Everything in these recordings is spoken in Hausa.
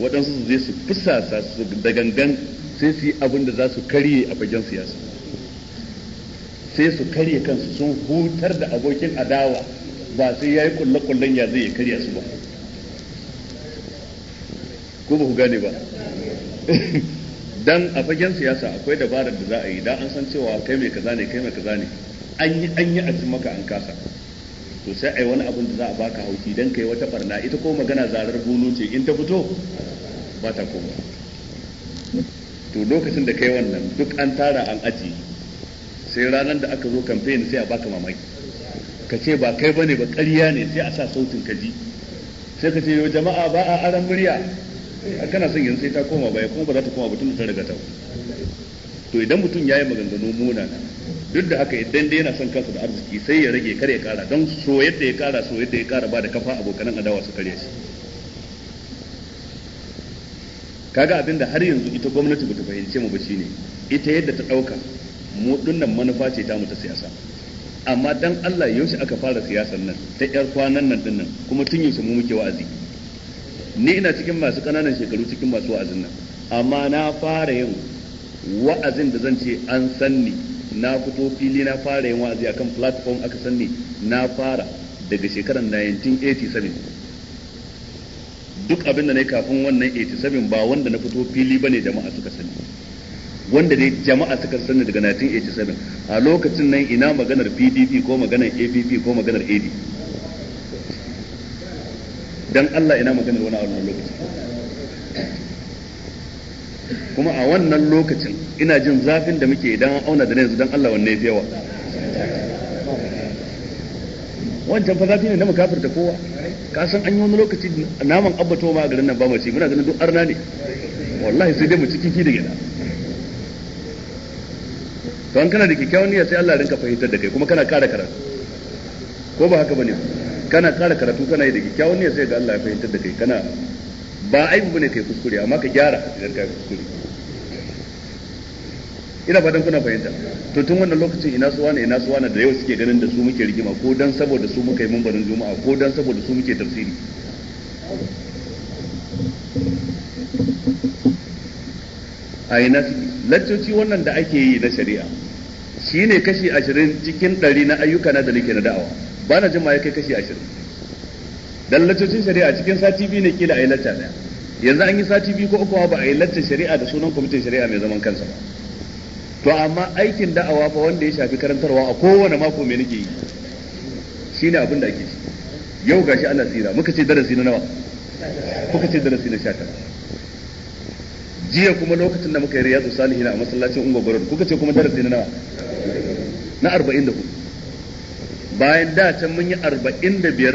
waɗansu su je su fusa su da gangan sai su yi abin da za su karye a fagen siyasa sai su karye kansu sun hutar da abokin adawa ba sai ya yi kulle-kullen ya zai karya su ba ko ba ku gane ba dan a fagen siyasa akwai dabarar da za a yi da an san cewa kai mai kaza ne kai mai kaza ne an yi an yi a maka an kasa to sai ai wani abin da za a baka hauki dan kai wata barna ita ko magana zarar gono ce in ta fito ba ta koma to lokacin da kai wannan duk an tara an aji sai ranar da aka zo campaign sai a baka mamaki ka ce ba kai bane ba ƙarya ne sai a sa sautin kaji sai ka ce yo jama'a ba a aran murya kana son yanzu sai ta koma baya kuma ba za ta koma ba tun da ta riga ta to idan mutum yayi maganganu munana duk da haka idan dai yana son kansa da arziki sai ya rage kar ya kara don so yadda ya kara so yadda ya kara ba da kafa abokanan adawa su kare shi kaga abin da har yanzu ita gwamnati bata fahimce mu ba shine ita yadda ta dauka mu dinnan manufa ce ta mu siyasa amma dan Allah yaushe aka fara siyasar nan ta yar kwanan nan dinnan kuma tun yaushe mu muke wa'azi ni ina cikin masu kananan shekaru cikin masu wa'azin nan amma na fara yin wa'azin da zan ce an sanni na fito fili na fara yin wa'azi akan platform aka sanni na fara daga shekarar 1987 duk abin da na yi kafin wannan 87 ba wanda na fito fili bane jama'a suka sani wanda dai jama'a suka sani daga 1987 a lokacin nan ina maganar PDP ko maganar APP ko maganar AD dan Allah ina maganar wani a wannan lokaci kuma a wannan lokacin ina jin zafin da muke idan an auna da na yanzu Allah wanne fi yawa wancan fa zafi ne na makafirta kowa ka san an yi wani lokaci naman abbato ma a garin nan ba mu ci muna ganin duk arna ne wallahi sai dai mu cikin ki da gida don kana da kyakkyawan niyya sai Allah rinka fahimtar da kai kuma kana kara karatu ko ba haka bane kana kara karatu kana yi da kyakkyawan niyya sai ga Allah ya fahimtar da kai kana ba aibu bane kai kuskure amma ka gyara idan ka kuskure ina fatan kuna fahimta to tun wannan lokacin ina su wane ina su wane da yau suke ganin da su muke rigima ko dan saboda su muka yi mumbarin juma'a ko dan saboda su muke tafsiri a ina suke laccoci wannan da ake yi na shari'a shine kashi ashirin cikin ɗari na ayyuka na da nake na da'awa ba na jin ma ya kai kashi ashirin dan latocin shari'a cikin sati biyu ne kila a yi lacca daya yanzu an yi sati biyu ko uku ba a yi lacca shari'a da sunan kwamitin shari'a mai zaman kansa ba to amma aikin da'awa fa wanda ya shafi karantarwa a kowane mako mai nake yi shine abin da ake shi yau gashi ana tsira muka ce darasi na nawa kuka ce darasi na sha jiya kuma lokacin da muka yi riyadu salihin a masallacin ungwa kuka ce kuma darasi na nawa na arba'in da hudu bayan da can mun yi 45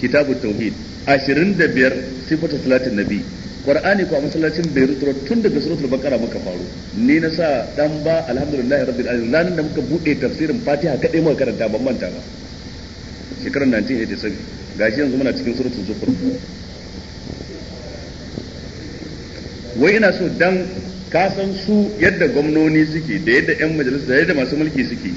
kitabu tauhid 25 sifatu salatin nabi qur'ani ko a masallacin bai rutura tun daga suratul baqara muka faru ni na sa dan ba alhamdulillahi rabbil alamin ranan da muka bude tafsirin Fatiha kadai muka karanta ban manta ba shekarar 1987 gashi yanzu muna cikin suratul zukhruf wai ina so dan ka san su yadda gwamnoni suke da yadda yan majalisa da yadda masu mulki suke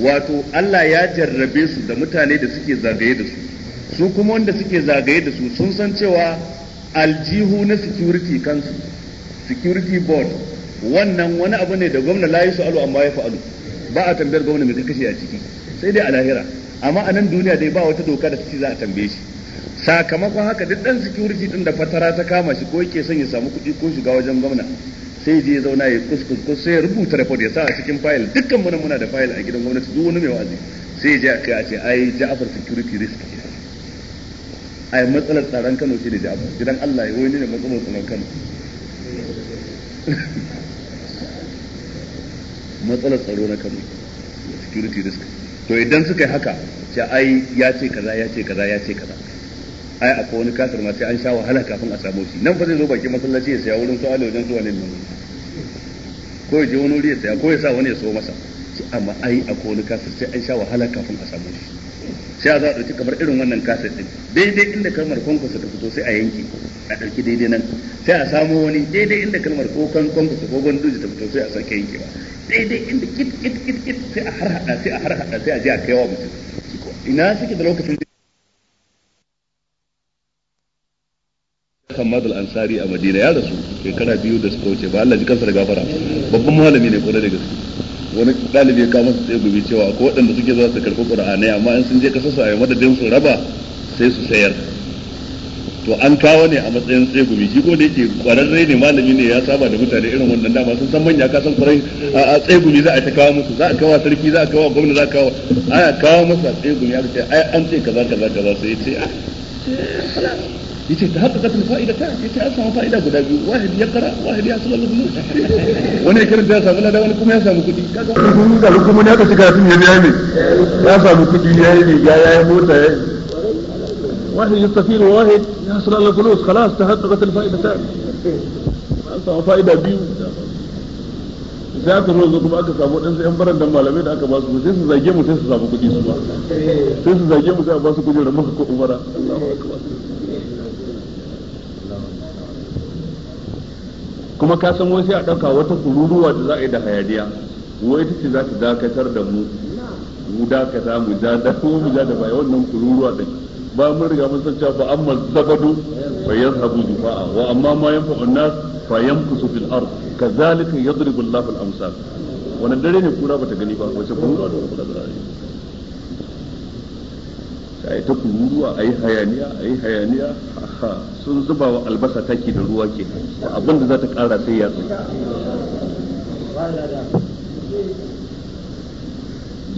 wato Allah ya jarrabe su da mutane da suke zagaye da su su kuma wanda suke zagaye da su sun san cewa aljihu na security kansu security board wannan wani abu ne da gwamna layi su alu amma ya fa'alu ba a tambayar gwamna mai kashe a ciki sai dai a lahira amma a nan duniya dai ba wata doka da suke za a tambaye shi sakamakon haka duk dan security din da fatara ta kama shi ko yake son ya samu kuɗi ko shiga wajen gwamna sai je zauna ya kuskus sai ya rubuta report ya sa a cikin file dukkan muna muna da file a gidan gwamnati duk wani mai wazi sai je kai a ce ai Ja'far security risk ai matsalar tsaron Kano shi ne Ja'far idan Allah ya wani ne matsalar tsaron Kano matsalar tsaro na Kano security risk to idan suka yi haka ce ai ya ce kaza ya ce kaza ya ce kaza ai akwai wani kasar ma sai an sha wahala kafin a samu shi nan fa zai zo bakin masallaci ya saya wurin su ali wajen zuwa nan ko ya je wani wuri ya saya ko ya sa wani ya so masa amma ai akwai wani kasar sai an sha wahala kafin a samu shi sai a za a ɗauki kamar irin wannan kasar din daidai inda kalmar kwankwasa ta fito sai a yanke a ɗauki daidai nan sai a samo wani daidai inda kalmar kokon kwankwasa ko gwanduji ta fito sai a sake yankewa daidai inda kit kit kit kit sai a harhaɗa sai a harhaɗa sai a je a kai wa mutum ina suke da lokacin Hammad al-Ansari a Madina ya rasu shekara biyu da suka wuce ba Allah ji kansa da gafara babban malami ne kwarai da gaske wani dalibi ya kama masa tsaye gobe cewa akwai waɗanda suke za su karɓi Qur'anai amma in sun je kasa su a madadin su raba sai su sayar to an kawo ne a matsayin tsaye gobe shi ko da yake kwararre ne malami ne ya saba da mutane irin wannan dama sun san manya ka san kwarai a tsaye gobe za a ta kawo musu za a kawo sarki za a kawo gwamna za a kawo ana kawo musu a tsaye gobe ya ce ai an ce kaza kaza kaza sai ce yace ta haka katin fa'ida ta yace an samu fa'ida guda biyu wahid ya kara wahid ya sallu bunu wani kiran da ya samu lada wani kuma ya samu kudi kaga mun ga kuma ne aka ci karatun ya biya ne ya samu kudi yayi ne ya yayi mota yayi ya واحد يستفيد وواحد khalas ta haka خلاص fa'ida ta an samu fa'ida biyu za ka zo kuma aka samu waɗansu 'yan baran dan malamai da aka ba su sai su zage mu sai su samu kuɗi su ba sai su zage mu sai a ba su kuɗi da muka ko umara kuma ka san wai sai a ɗauka wata kururuwa da za a yi da hayaniya wai ta ce za ta dakatar da mu mu dakata mu ja da mu mu ja da bai wannan kururuwa da ba mun riga mun san cewa fa amma zabadu fa yazhabu dufa'a wa amma ma yanfa annas fa yanfusu fil ard kazalika yadribu Allahu al-amsal wannan dare ne kura bata gani ba wace kururuwa da ba ta gani a yi ta ruwa a yi hayaniya a yi hayaniya ha sun zuba wa albasa taki da ruwa ke abin da za ta kara sai ya zai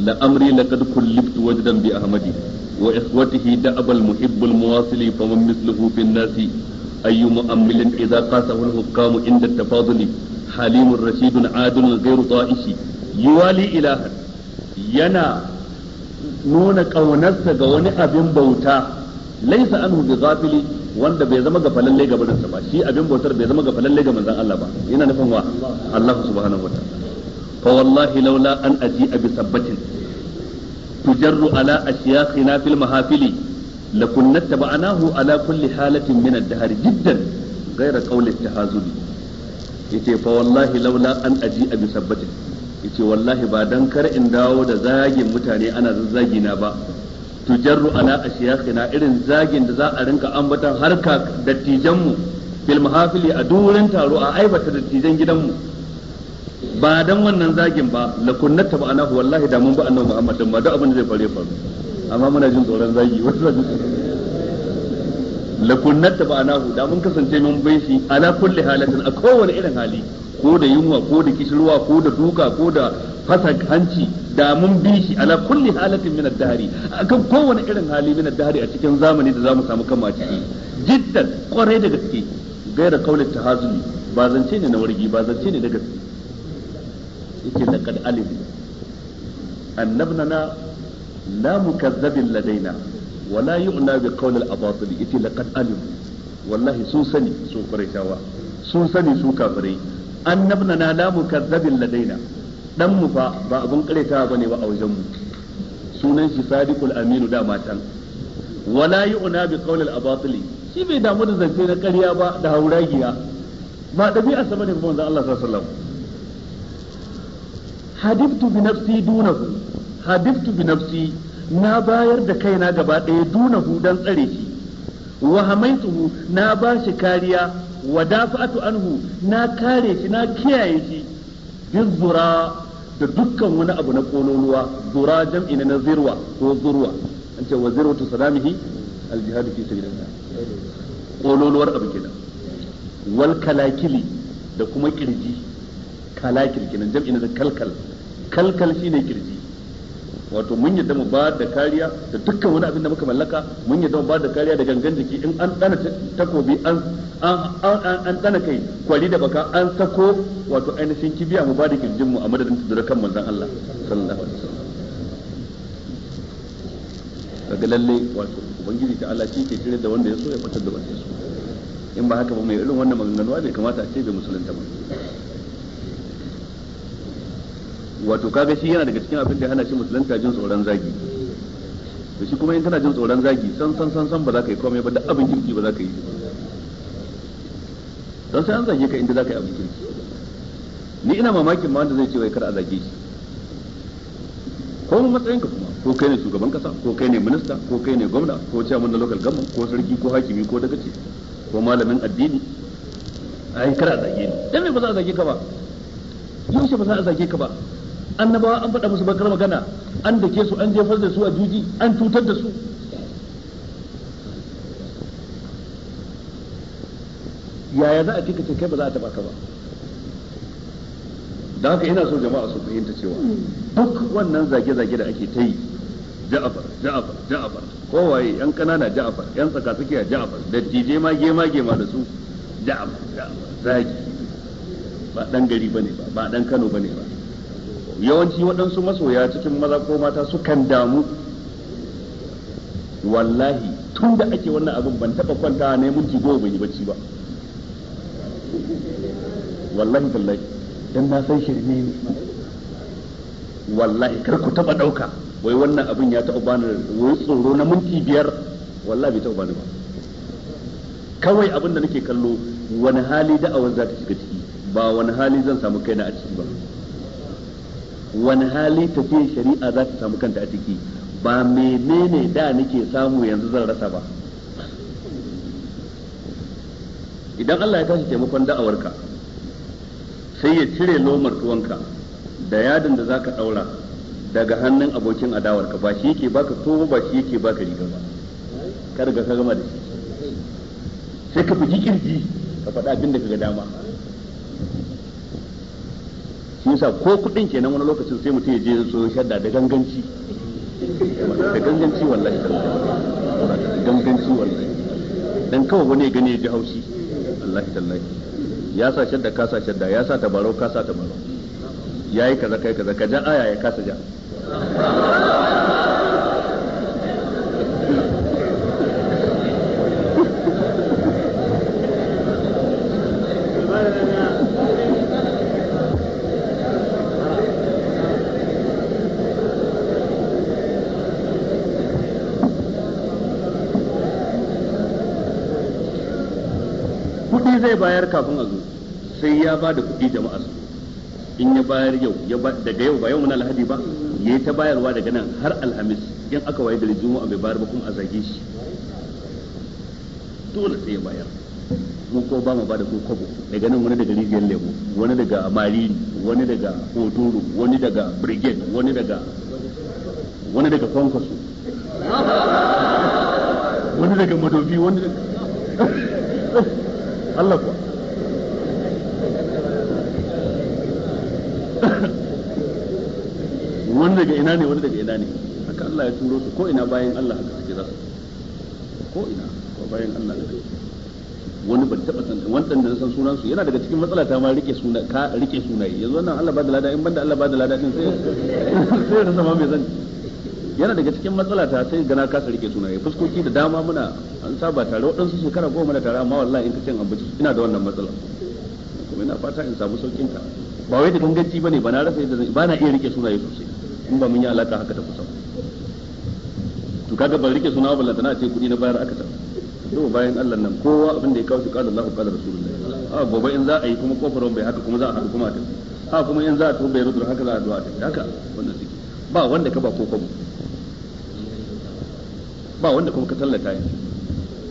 la amri la kad kulliftu wajdan bi ahmadi wa ikhwatihi da'abal muhibbul muwasili fa man misluhu fi an-nas ayyu mu'ammilin idza qasahu al-hukam inda tafaduli halimur rashidun adul ghayr ta'ishi yiwali ilahan yana nuna ƙaunarsa ga wani abin bauta laisa an bi ghafili wanda bai zama gafalalle ga barinsa ba shi abin bautar bai zama gafalalle ga manzon Allah ba ina nufin wa Allah subhanahu wataala fa wallahi laula an aji'a bi sabbatin tujarru ala ashyakhina fil mahafili لكنا اتبعناه على كل حالة من الدهر جدا غير قول fa wallahi فوالله an أن أجيء sabbatin. yace wallahi ba dan kar in dawo da zagin mutane ana zazzagi na ba tujarru ala ashiyakhina irin zagin da za a rinka ambatan harka dattijan mu bil mahafili a durin taro a aibata dattijan gidanmu ba dan wannan zagin ba la kunna tabanahu wallahi da mun ba annabi Muhammad din ba duk abin da zai fare faru amma muna jin tsoron zagi wasu la kunna tabanahu da mun kasance mun bai shi ala kulli halatin a kowane irin hali ko da yunwa ko da kishirwa ko da duka ko da fasa hanci da mun bi shi ala kulli halatin min ad-dahri akan kowane irin hali min ad-dahri a cikin zamani da zamu samu kanmu a ciki jiddan kwarai da gaske gaira kaulin tahazuli ba zance ne na wargi ba zance ne da gaske yake kad alim annabnana la mukazzabil ladaina wala yu'na bi qawl al-abatil yake laqad alim wallahi sun sani su qurayshawa sun sani su kafirai annabna na la mukazzabin ladaina dan mu fa ba abun karetawa bane ba a wajen mu sunan shi sadiqul aminu da matan wala yu'na bi qawlil abatili shi bai damu da zance na ƙarya ba da hauragiya ba dabi'a sama ne manzo Allah sallallahu alaihi bi nafsi dunahu hadibtu bi nafsi na bayar da kaina gaba ɗaya dunahu dan tsare shi wa hamaituhu na ba shi kariya wa dafa'atu anhu na kare shi na kiyaye shi zura da dukkan wani abu na kololuwa zura jam'i na zirwa ko zurwa an ce wa zirwatu sadamihi aljihadu fi sabilillah kololuwar abu kenan wal kalakili da kuma kirji kalakil kenan jam'i na kalkal kalkal shine kirji wato mun yadda mu ba da kariya da dukkan wani abin da muka mallaka mun yadda mu ba da kariya da gangan jiki in an tsana takobi an an an tsana kai kwari da baka an sako wato ainihin kibiya mu ba da kirjin mu a madadin tudura kan manzon Allah sallallahu alaihi wasallam kaga lalle wato ubangiji ta Allah shi ke kire da wanda ya so ya fitar da wanda ya so in ba haka ba mai irin wannan maganganuwa bai kamata a ce bai musulunta ba wato kaga shi yana daga cikin abin da hana shi musulunta jin tsoron zagi to shi kuma in kana jin tsoron zagi san san san san ba za ka yi komai ba da abin kirki ba za ka yi don sai an zage ka inda za ka yi abin kirki ni ina mamakin ma wanda zai ce wai kar a zage shi ko matsayin ka kuma ko kai ne shugaban kasa ko kai ne minista ko kai ne gwamna ko chairman na local government ko sarki ko hakimi ko dagaci ko malamin addini ai kar a zage ni dan me ba za a zage ka ba yaushe ba za a zage ka ba annabawa an faɗa musu bakar magana an ke su an jefar da su a juji an cutar da su yaya za a cika ce kai ba za a taba ka ba da haka ina so jama'a su fahimta cewa duk wannan zage-zage da ake ta yi ja'afar ja'afar ja'afar kowaye yan kanana ja'afar yan a ja'afar da dije ma gema gema da su ja'afar ja'afar zagi ba dan gari bane ba ba dan Kano bane ba yawanci waɗansu masoya cikin maza ko mata sukan damu wallahi tun da ake wannan abin ban taɓa kwanta ne minti goma bai yi bacci ba wallahi tallahi dan na san shirme ne wallahi kar ku taɓa ɗauka wai wannan abin ya taɓa bani wai tsoro na minti biyar wallahi bai taɓa bani ba kawai abin da nake kallo wani hali da'awar za ta shiga ciki ba wani hali zan samu kaina a ciki ba wani hali tafiyar shari'a za ta samu kanta a ciki ba menene da nake samu yanzu zan rasa ba idan Allah ya tashi taimakon da'awarka sai ya cire lomar tuwanka da yadin da za ka daura daga hannun abokin adawarka ba shi yake baka tuwo ba shi yake baka riga ba ka riga ka gama da shi sai ka fi kirji ka faɗa abin da ka ga dama yasa ko kudin kenan wani lokacin sai mutum ya je so shadda da ganganci da ganganci wallahi da ganganci wallahi dan kawai wani ya gane ya ji haushi wallahi tallahi ya sa shadda ka sa shadda ya sa tabarau ka sa tabarau yayi kaza kai kaza ka ja aya ya kasa ja ya bayar kafin a zo sai ya ba da kuɗi jama'a su in ya bayar yau daga yau ba yau muna alhaji ba ya yi ta bayarwa daga nan har alhamis in aka waye da a bai bayar ba kuma a zage shi dole sai ya bayar mu ko ba mu ba da ko daga nan wani daga rijiyar lemu wani daga mariri wani daga hoturu wani daga brigade wani daga wani daga kwankwaso wani daga madobi wani daga Allah kuwa wani daga ina ne wani daga ina ne haka Allah ya turo su ko ina bayan Allah haka suke za su ko ina ko bayan Allah ne wani ban taba san wannan da san sunan su yana daga cikin matsala ta ma rike suna ka rike sunaye yanzu wannan Allah ba da lada in banda Allah ba da lada din sai sai da zama mai zanci yana daga cikin matsala ta sai gana kasa rike sunaye fuskoki da dama muna an saba tare waɗansu shekara goma da tare amma wallahi in ka cin abinci ina da wannan matsala kuma ina fata in samu saukin ka ba wai da ganganci bane ba na rasa yadda ba na iya rike sunaye sosai in ba mun yi alaka haka ta kusa to kaga ban rike suna ba lantana ce kuɗi na bayar aka ta to bayan Allah nan kowa abin da ya kawo shi qala Allahu qala rasulullahi a gobe in za a yi kuma kofar bai haka kuma za a haɗu kuma a ha kuma in za a tafi bai rudur haka za a zuwa ta haka wannan ba wanda ka ba ko kwabo ba wanda kuma ka tallata yanzu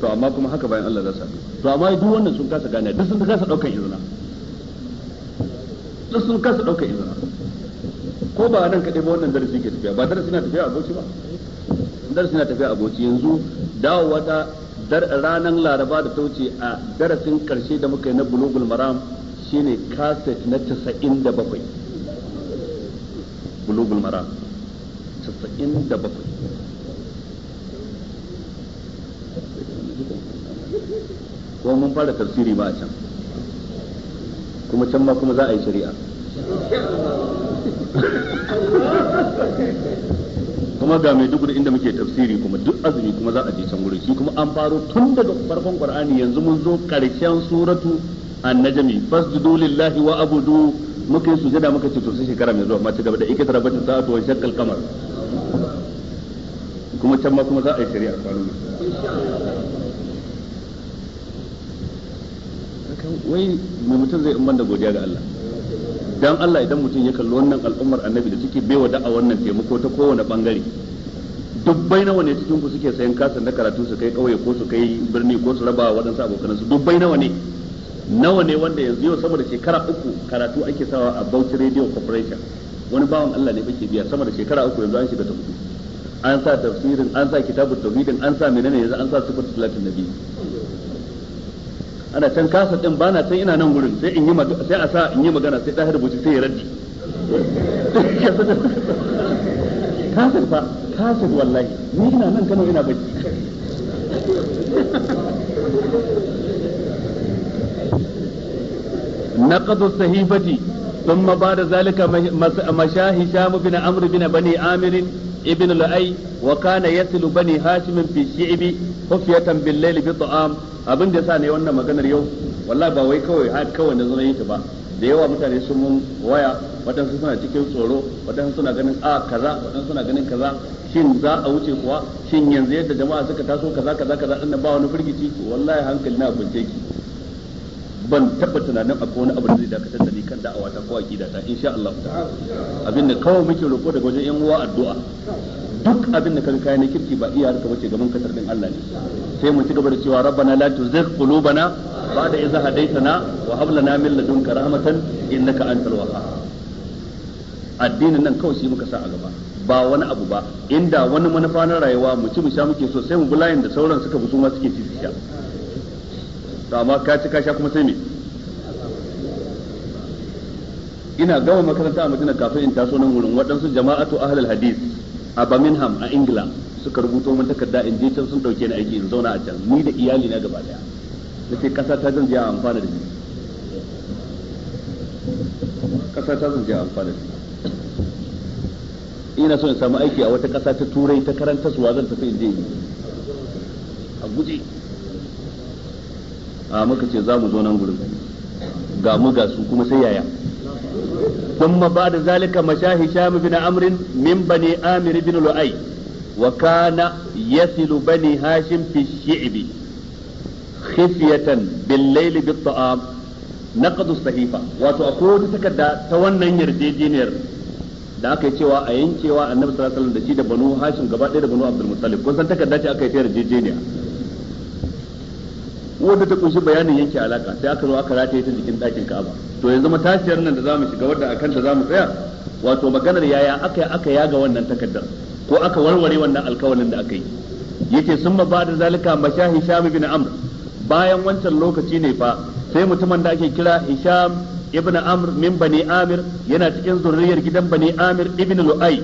to amma kuma haka bayan Allah za su to amma duk wannan sun kasa gane duk sun kasa daukar izina duk sun kasa daukar izina ko ba nan kaɗai ba wannan darasi ke tafiya ba darasi na tafiya a goci ba darasi na tafiya a goci yanzu dawowa ta ranar laraba da ta wuce a darasin karshe da muka yi na bulugul maram shine kaset na casa'in da bakwai bulugul maram casa'in da bakwai ko mun fara tafsiri ba a can kuma can ma kuma za a yi shari'a kuma ga mai duk inda muke tafsiri kuma duk azumi kuma za a je can gurin shi kuma an faro tun daga farkon qur'ani yanzu mun zo karshen suratu annajmi fasjudu lillahi wa abudu muka yi sujada muka ce to sai shekara mai zuwa ma ci gaba da ikita rabatin sa'atu wa shaqqal qamar kuma can ma kuma za a yi shari'a kwanan wai mu mutum zai in da godiya ga Allah dan Allah idan mutum ya kalli wannan al'ummar annabi da suke baiwa da'a wannan taimako ta kowane bangare dubbai nawa ne cikin ku suke sayan kasan na karatu su kai kauye ko su kai birni ko su raba waɗansu abokan su dubbai nawa ne nawa ne wanda yanzu yau sama da shekara uku karatu ake sawa a Bauchi Radio Corporation wani bawan Allah ne bake biya sama da shekara uku yanzu an shiga ta hudu an sa tafsirin an sa kitabut tauhidin an sa menene yanzu an sa sifatu salatin nabi ana can kasa din ba na can ina nan gurin sai in yi sai a sa in yi magana sai dahir buci sai ya raddi kasa fa kasa wallahi ni ina nan kano ina bacci نقض الصحيفة ثم بعد ذلك مشى هشام بن عمرو بن بني عامر ابن لؤي وكان kana بني هاشم في شعبي shi'bi بالليل بطعام layl bi ta'am abin da yasa ne wannan maganar yau wallahi ba wai kawai har kawai na zama ta ba da yawa mutane sun mun waya wadansu suna cikin tsoro wadansu suna ganin a kaza wadansu suna ganin kaza shin za a wuce kuwa shin yanzu yadda jama'a suka taso kaza kaza kaza din ba wani firgici wallahi hankali na bunce ki ban taba tunanin akwai wani abu da zai dakatar da ni kan da'awa ta ko aqida ta insha Allah abin da kawai muke roƙo daga wajen yan uwa addu'a duk abin da kanka na kirki ba iya harka bace gaban kasar din Allah ne sai mu ci gaba da cewa rabbana la tuzigh qulubana ba'da idh hadaytana wa hab lana min ladunka rahmatan innaka antal wahhab addinin nan kawai shi muka sa a gaba ba wani abu ba inda wani manufa na rayuwa mu ci mu sha muke so sai mu bulayin da sauran suka bi su ma suke ci su sha to amma ka ci ka sha kuma sai me ina gama makaranta a madina kafin in taso nan wurin waɗansu jama'atu ahlul hadith a Birmingham a Ingila suka rubuto mun takarda in je can sun dauke ni aiki in zauna a can ni da iyali na gaba daya nace kasa ta zan je a amfana da ni kasa ta zan je a amfana da ni ina so in samu aiki a wata kasa ta turai ta karanta suwa zan tafi in je a guje a muka ce za mu zo nan gurin ga mu ga su kuma sai yaya kuma ba da zalika mashahi shami bin amrin min bani amir bin lu'ai wa kana yasilu bani hashim fi shi'bi khifyatan bil layl bi ta'am naqd as-sahifa wato akwai takarda ta wannan yarjejeniyar da aka yi cewa a yankewa annabi sallallahu alaihi wasallam da shi da banu hashim gaba ɗaya da banu abdul muttalib kun san takarda ce aka yi ta yarjejeniya wanda ta kunshi bayanin yanke alaka sai aka zo aka rataye ta jikin ɗakin Ka'aba to yanzu matashiyar nan da zamu shiga wadda akan ta zamu tsaya wato maganar yaya aka aka yaga wannan takaddar ko aka warware wannan alkawalin da aka yi yake sun ma bada zalika mashahi Hisham ibn Amr bayan wancan lokaci ne fa sai mutumin da ake kira Hisham ibn Amr min Bani Amir yana cikin zuriyar gidan Bani Amir ibn Lu'ay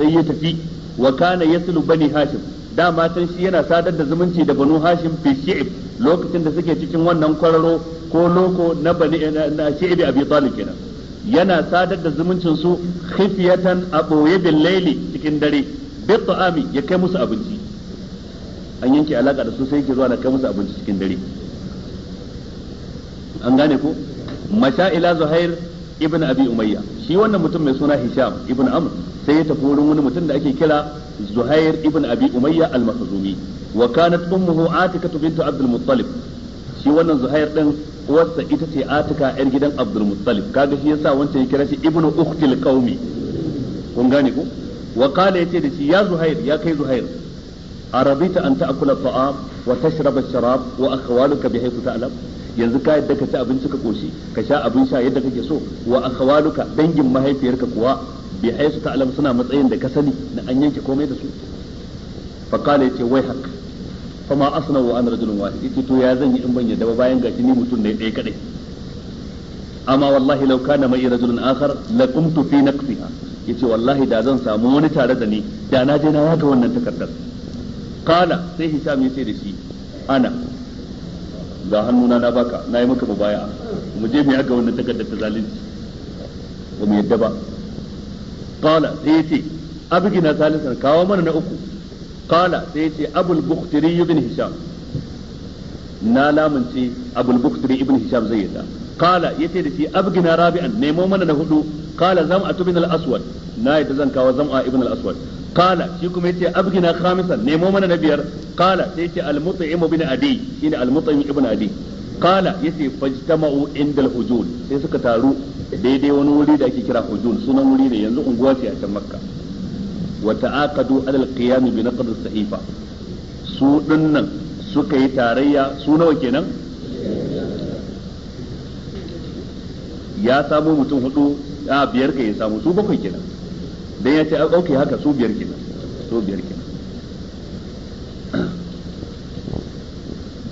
sai ya tafi wa kana yaslu Bani Hashim dama can shi yana sadar da zumunci da banu hashim fi shi'ib lokacin da suke cikin wannan kwararo ko loko na bani na shi'ib abi talib kenan yana sadar da zumuncin su khifyatan a boye bil laili cikin dare bi ta'ami ya kai musu abinci an yanke alaka da su sai yake zuwa na kai musu abinci cikin dare an gane ko masha'ila zuhair ibn abi umayya shi wannan mutum mai suna hisham ibn amr sai ya tafi wurin wani mutum da ake kira zuhair ibn abi umayya al-makhzumi wa kanat ummuhu atikatu bint abdul muttalib shi wannan zuhair din uwarsa ita ce atika yar gidan abdul muttalib kaga shi yasa wancan ya kira shi ibn ukhtil qaumi kun gane ko wa qala yace da shi ya zuhair ya kai zuhair arabita an ta'kula ta'am wa tashraba sharab wa akhwaluka bihaythu ta'lam yanzu ka yadda ka ci abinci ka koshi ka sha abin sha yadda kake so wa akhawaluka dangin mahaifiyarka kuwa bi ta ta'lam suna matsayin da ka sani na an yanke komai da su fa kale yace wai hak fa ma asna wa an rajulun wahid yace to ya zan yi in ban yadda ba bayan gashi ni mutum ne ɗaya kadai amma wallahi law kana mai rajulun akhar kuntu fi naqsiha yace wallahi da zan samu wani tare da ni da na je na yaga wannan takardar kala sai ya yace da shi ana ga hannuna na baka na yi maka mubaya mu je mu haka wannan takardar ta zalunci ba mu yadda ba qala sai yace abgina salisan kawo mana na uku qala sai yace abul bukhtiri ibn hisham na lamunci abul bukhtiri ibn hisham zai yadda qala yace da shi abgina rabi'an nemo mana na hudu qala zam'atu a al aswad na yadda zan kawo zam'a a al aswad Kala shi kuma yace abgina khamisan nemo mana na biyar kala sai yace al-mut'im adi ina al-mut'im ibn adi qala yace fajtama'u indal hujul sai suka taru daidai wani wuri da ake kira hujul sunan wuri ne yanzu unguwa ce a can makka wa ta'aqadu ala qiyam bi naqd as-sahifa su dinnan suka yi tarayya su nawa kenan ya samu mutum hudu a biyar ka ya samu su bakwai kenan dan ya ce a ah, okay haka su biyar kenan su biyar kenan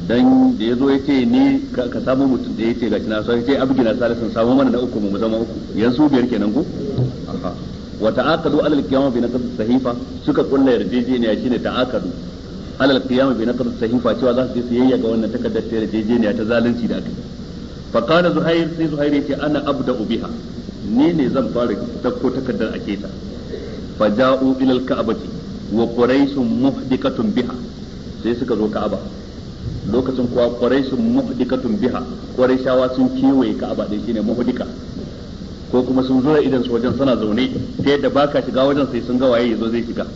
dan da yazo yace ni ka samu mutum da yace gashi na so yace abgi na salisun samu mana na uku mu zama uku yan su biyar kenan ko aha wa ta'aqadu ala al-qiyam bi naqd sahifa suka kulla yarjejeniya shine ta'aqadu ala al-qiyam bi naqd sahifa cewa za su je su ga wannan takaddar ta yarjejeniya ta zalunci da aka fa qala zuhair sai zuhair yace ana abda'u biha ni ne zan fara dauko takaddar ake ta faja'u ila al-ka'bati wa quraishun muhdikatun biha sai suka zo ka'aba lokacin kuwa quraishun muhdikatun biha quraishawa sun kewaye ka'aba dai shine muhdika ko kuma sun zo idan su wajen suna zaune ta yadda baka shiga wajen sai sun ga waye yazo zai shiga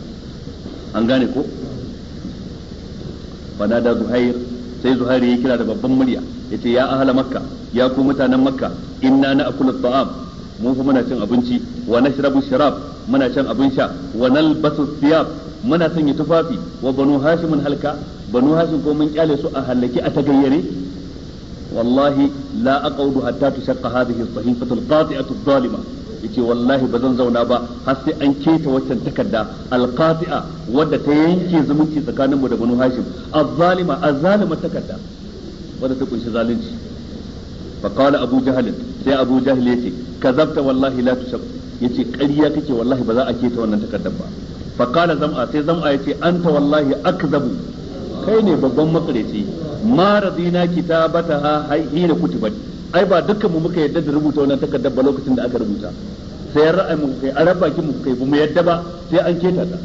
an gane ko bana da zuhair sai zuhair ya kira da babban murya yace ya ahla makka ya ku mutanen makka inna na akulu ta'am mun kuma muna cin abinci wa nashrabu sharab muna cin abin sha wa nalbasu thiyab muna sanya tufafi wa banu hashimun halka banu hashim ko mun kyale su a halaki a tagayyare wallahi la aqudu hatta tushaqqa hadhihi as-sahifatu al-qati'atu adh-dhalima yace wallahi ba zan zauna ba har sai an keta waccan takarda al-qati'a wadda ta yanke zumunci tsakaninmu da banu hashim adh-dhalima adh-dhalima takarda wadda ta kunshi zalunci fa qala abu jahl sai abu jahl yace kazabta wallahi la tusab yace ƙarya kake wallahi ba za a keta wannan takardar ba fa qala zam'a sai zam'a yace anta wallahi akzabu kai ne babban makareci ma radina kitabataha hayina kutibat ai ba dukkan mu muka yadda da rubuta wannan takardar ba lokacin da aka rubuta sai ra'ayi mu kai araba ki mu kai ba mu yadda ba sai an keta ta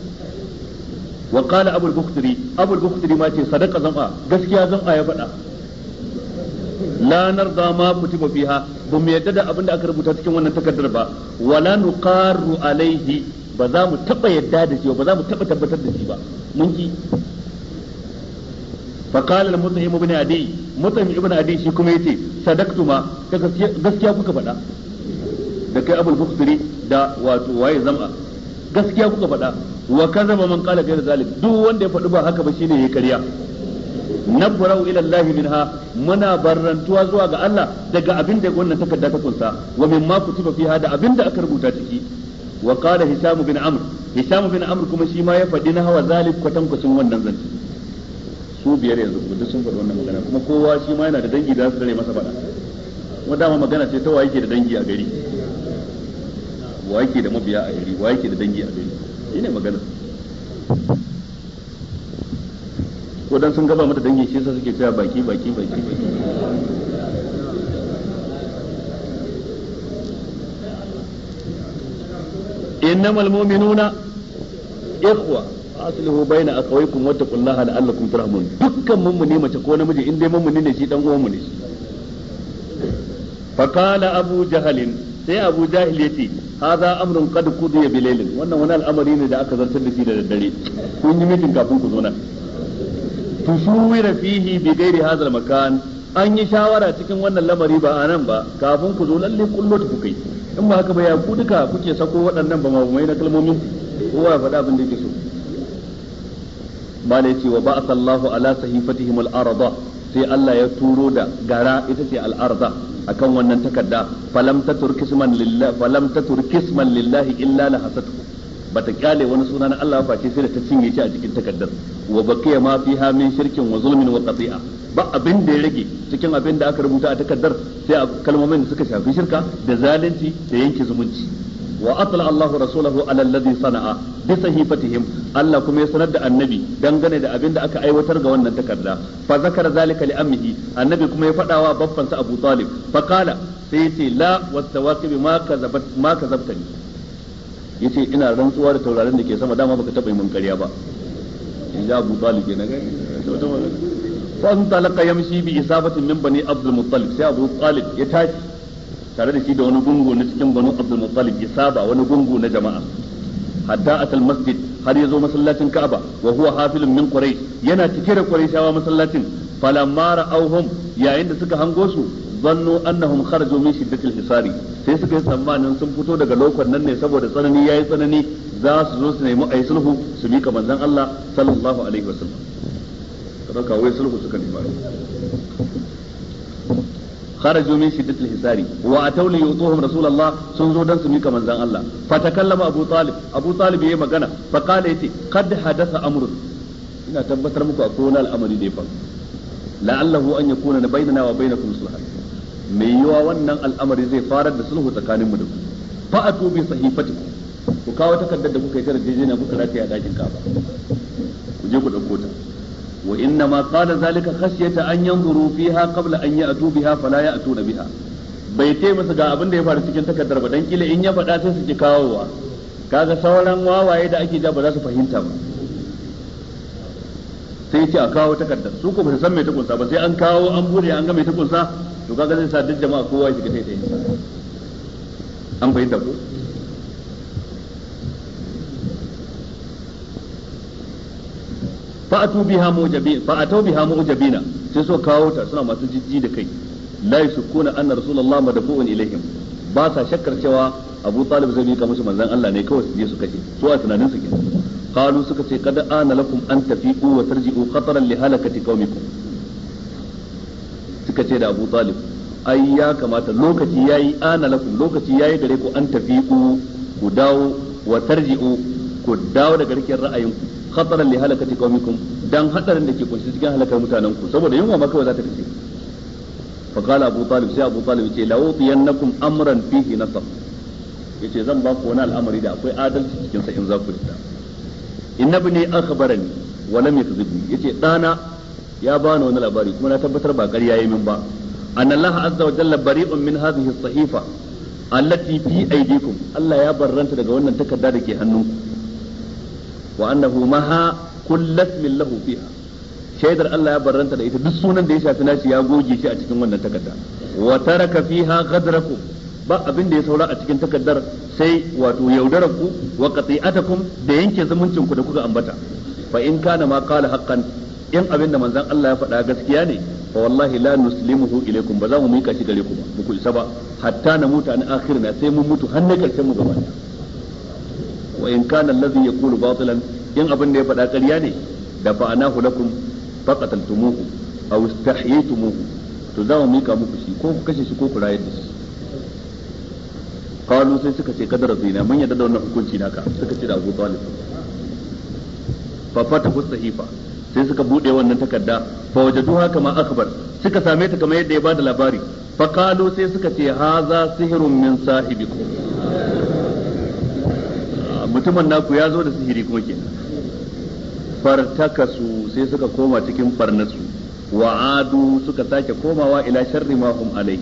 wa qala abul bukhtari abul bukhtari ma ce sadaqa zam'a gaskiya zam'a ya faɗa la narda ma kutiba fiha ba mu yadda da abin da aka rubuta cikin wannan takardar ba wala nuqaru alaihi ba za mu taba yadda da shi ba za mu taba tabbatar da shi ba mun ki al-mutahim ibn adi mutahim ibn adi shi kuma yace sadaqtu ma gaskiya kuka faɗa da kai abul bukhari da wato waye zama gaskiya kuka faɗa wa kazaba man qala ghayra zalik duk wanda ya faɗi ba haka ba shine yayi kariya nabrau ila Allah minha muna barrantuwa zuwa ga Allah daga abin da wannan takarda ta kunsa wa ma kutiba fiha da abin da aka rubuta ciki wa qala hisam bin amr hisam bin amr kuma shi ma ya faɗi na hawa zalik kwatan kusun wannan zanci su biyar yanzu duk sun faɗi wannan magana kuma kowa shi ma yana da dangi da su dare masa faɗa kuma dama magana ce ta waye da dangi a gari wa da mabiya a gari wa da dangi a gari shine magana wadan sun gaba mata dangi shi yasa suke cewa baki baki baki baki innamal mu'minuna ikhwa aslihu baina akhawaykum wattaqullaha la'allakum turhamun dukkan mummuni mace ko namiji in dai mummuni ne shi dan uwan mu ne shi faqala abu jahalin sai abu jahil yace hadha amrun qad qudiya bilailin wannan wani al'amari ne da aka zartar da shi da daddare kun yi mitin kafin ku zo nan tusuwira fihi bi gairi hazal makan an yi shawara cikin wannan lamari ba a nan ba kafin ku zo lalle kullo ta kai in ba haka ba ya ku duka kuke sako waɗannan ba ma mai na kalmomin kowa ya faɗa abin da yake so bala cewa ba a Allahu ala sahifatihim al-arda sai Allah ya turo da gara ita ce al-arda akan wannan takarda falam ta turkisman lillahi falam tatur kisman lillahi illa lahasatuhu bata kyale wani suna na Allah face sai da ta cinye shi a cikin takaddar wa bakiya ma fiha min shirkin wa zulmin wa qati'a ba abin da ya rage cikin abin da aka rubuta a takaddar sai kalmomin da suka shafi shirka da zalunci da yanke zumunci wa atla Allahu rasulahu ala alladhi sana'a bi sahifatihim Allah kuma ya sanar da annabi dangane da abin da aka aiwatar ga wannan takarda fa zakara zalika li ammihi annabi kuma ya fada wa babban sa Abu Talib fa kala sai yace la wastawaqibi ma kazabat ma kazabtani yace ina rantsuwa da taurarin da ke sama dama baka taba mun ƙarya ba in ja Abu Talib ke naga fa sun talaka yamshi bi isabatin min bani Abdul Muttalib sai Abu Talib ya tashi tare da shi da wani gungu na cikin bani Abdul Muttalib isaba wani gungu na jama'a hatta atal masjid har ya zo masallacin Ka'aba wa huwa hafilun min yana cike da Qurayshawa masallacin falamma ra'awhum yayin da suka hango su zannu annahum kharaju min shiddatil hisari sai suka yi tsammanin sun fito daga lokon nan ne saboda tsanani yayi tsanani za su zo su nemi ayi sulhu su bi ka manzon Allah sallallahu alaihi wasallam kada kawai sulhu suka nema kharaju min shiddatil hisari wa yau tsohon rasulullah sun zo dan su mika manzon Allah fa takallama abu talib abu talib yayi magana fa qala yace qad hadatha amrun ina tabbatar muku akwai wani al'amari da ya faru la'allahu an yakuna bainana wa bainakum sulh mai yiwa wannan al'amari zai fara da sulhu tsakanin mu da ku kawo takardar da kuka yi ta rajejeniya kuka rataya a dakin kafa ku je ku dauko ta wa inna ma qala zalika khashyata an yanzuru fiha qabla an ya'tu biha fala ya'tu biha bai ce masa ga abin da ya faru cikin takardar ba dan kila in ya faɗa sai su ki kawowa kaga sauran wawaye da ake ja ba za su fahimta ba sai ce a kawo takardar su ko ba su san mai ta kunsa ba sai an kawo an bude an ga mai ta kunsa to kaga zai sa duk jama'a kowa ya shiga sai ta an fahimta ko fa'atu biha mujabi fa'atu biha mujabina sai so kawo ta suna masu jijji da kai la yashkuna anna rasulullahi madfu'un ilaihim ba sa shakkar cewa Abu Talib zai miƙa musu manzon Allah ne kawai su je su kace su a tunanin su kenan qalu suka ce kada ana lakum an tafiqu wa tarji'u khataran li halakati qaumikum suka ce da Abu Talib ai ya kamata lokaci yayi ana lakum lokaci yayi gare ku an tafiqu ku dawo wa tarji'u ku dawo daga rikin ra'ayinku khataran li halakati qaumikum dan hadarin da ke kunshi cikin halakar mutanen ku saboda yunwa ma kawai za ta kace fa qala abu talib sai abu talib yace la utiyannakum amran fihi nasab yace zan ba ku wani al'amari da akwai adalci cikin sa in za ku rida innabni akhbarani wa lam yakzibni yace dana ya bani wani labari kuma na tabbatar ba ƙarya yayi min ba anna allah azza wa jalla bari'un min hadhihi as-sahifa allati fi aydikum allah ya barranta daga wannan takarda da ke hannunku wa annahu maha kullas min lahu fiha shaidar Allah ya barranta da ita duk sunan da ya shafi nashi ya goge shi a cikin wannan takarda wa taraka fiha ba abin da ya saura a cikin takardar sai wato yaudarar wa qati'atakum da yanke zumuncin ku da kuka ambata fa in kana ma qala haqqan in abin da manzon Allah ya faɗa gaskiya ne fa wallahi la nuslimuhu ilaykum ba za mu mika shi gare ku ba ku isa ba hatta na mutu an akhirna sai mun mutu har na karshen mu gaba wa in kana allazi yaqulu batilan in abin da ya faɗa ƙarya ne da fa'anahu lakum faqataltumuhu aw istahyaytumuhu to za mu mika muku shi ko ku kashe shi ko ku rayar da shi qalu sai suka ce kadara zina mun yadda da wannan hukunci naka suka ce da Abu Talib fa fatahu sahifa sai suka bude wannan takarda fa wajaduha kama akbar suka same ta kamar yadda ya bada labari fa qalu sai suka ce haza sihrun min sahibikum mutumin naku ya zo da sihiri kuma kenan fartakasu sai suka koma cikin farnasu wa adu suka sake komawa ila sharri ma hum alai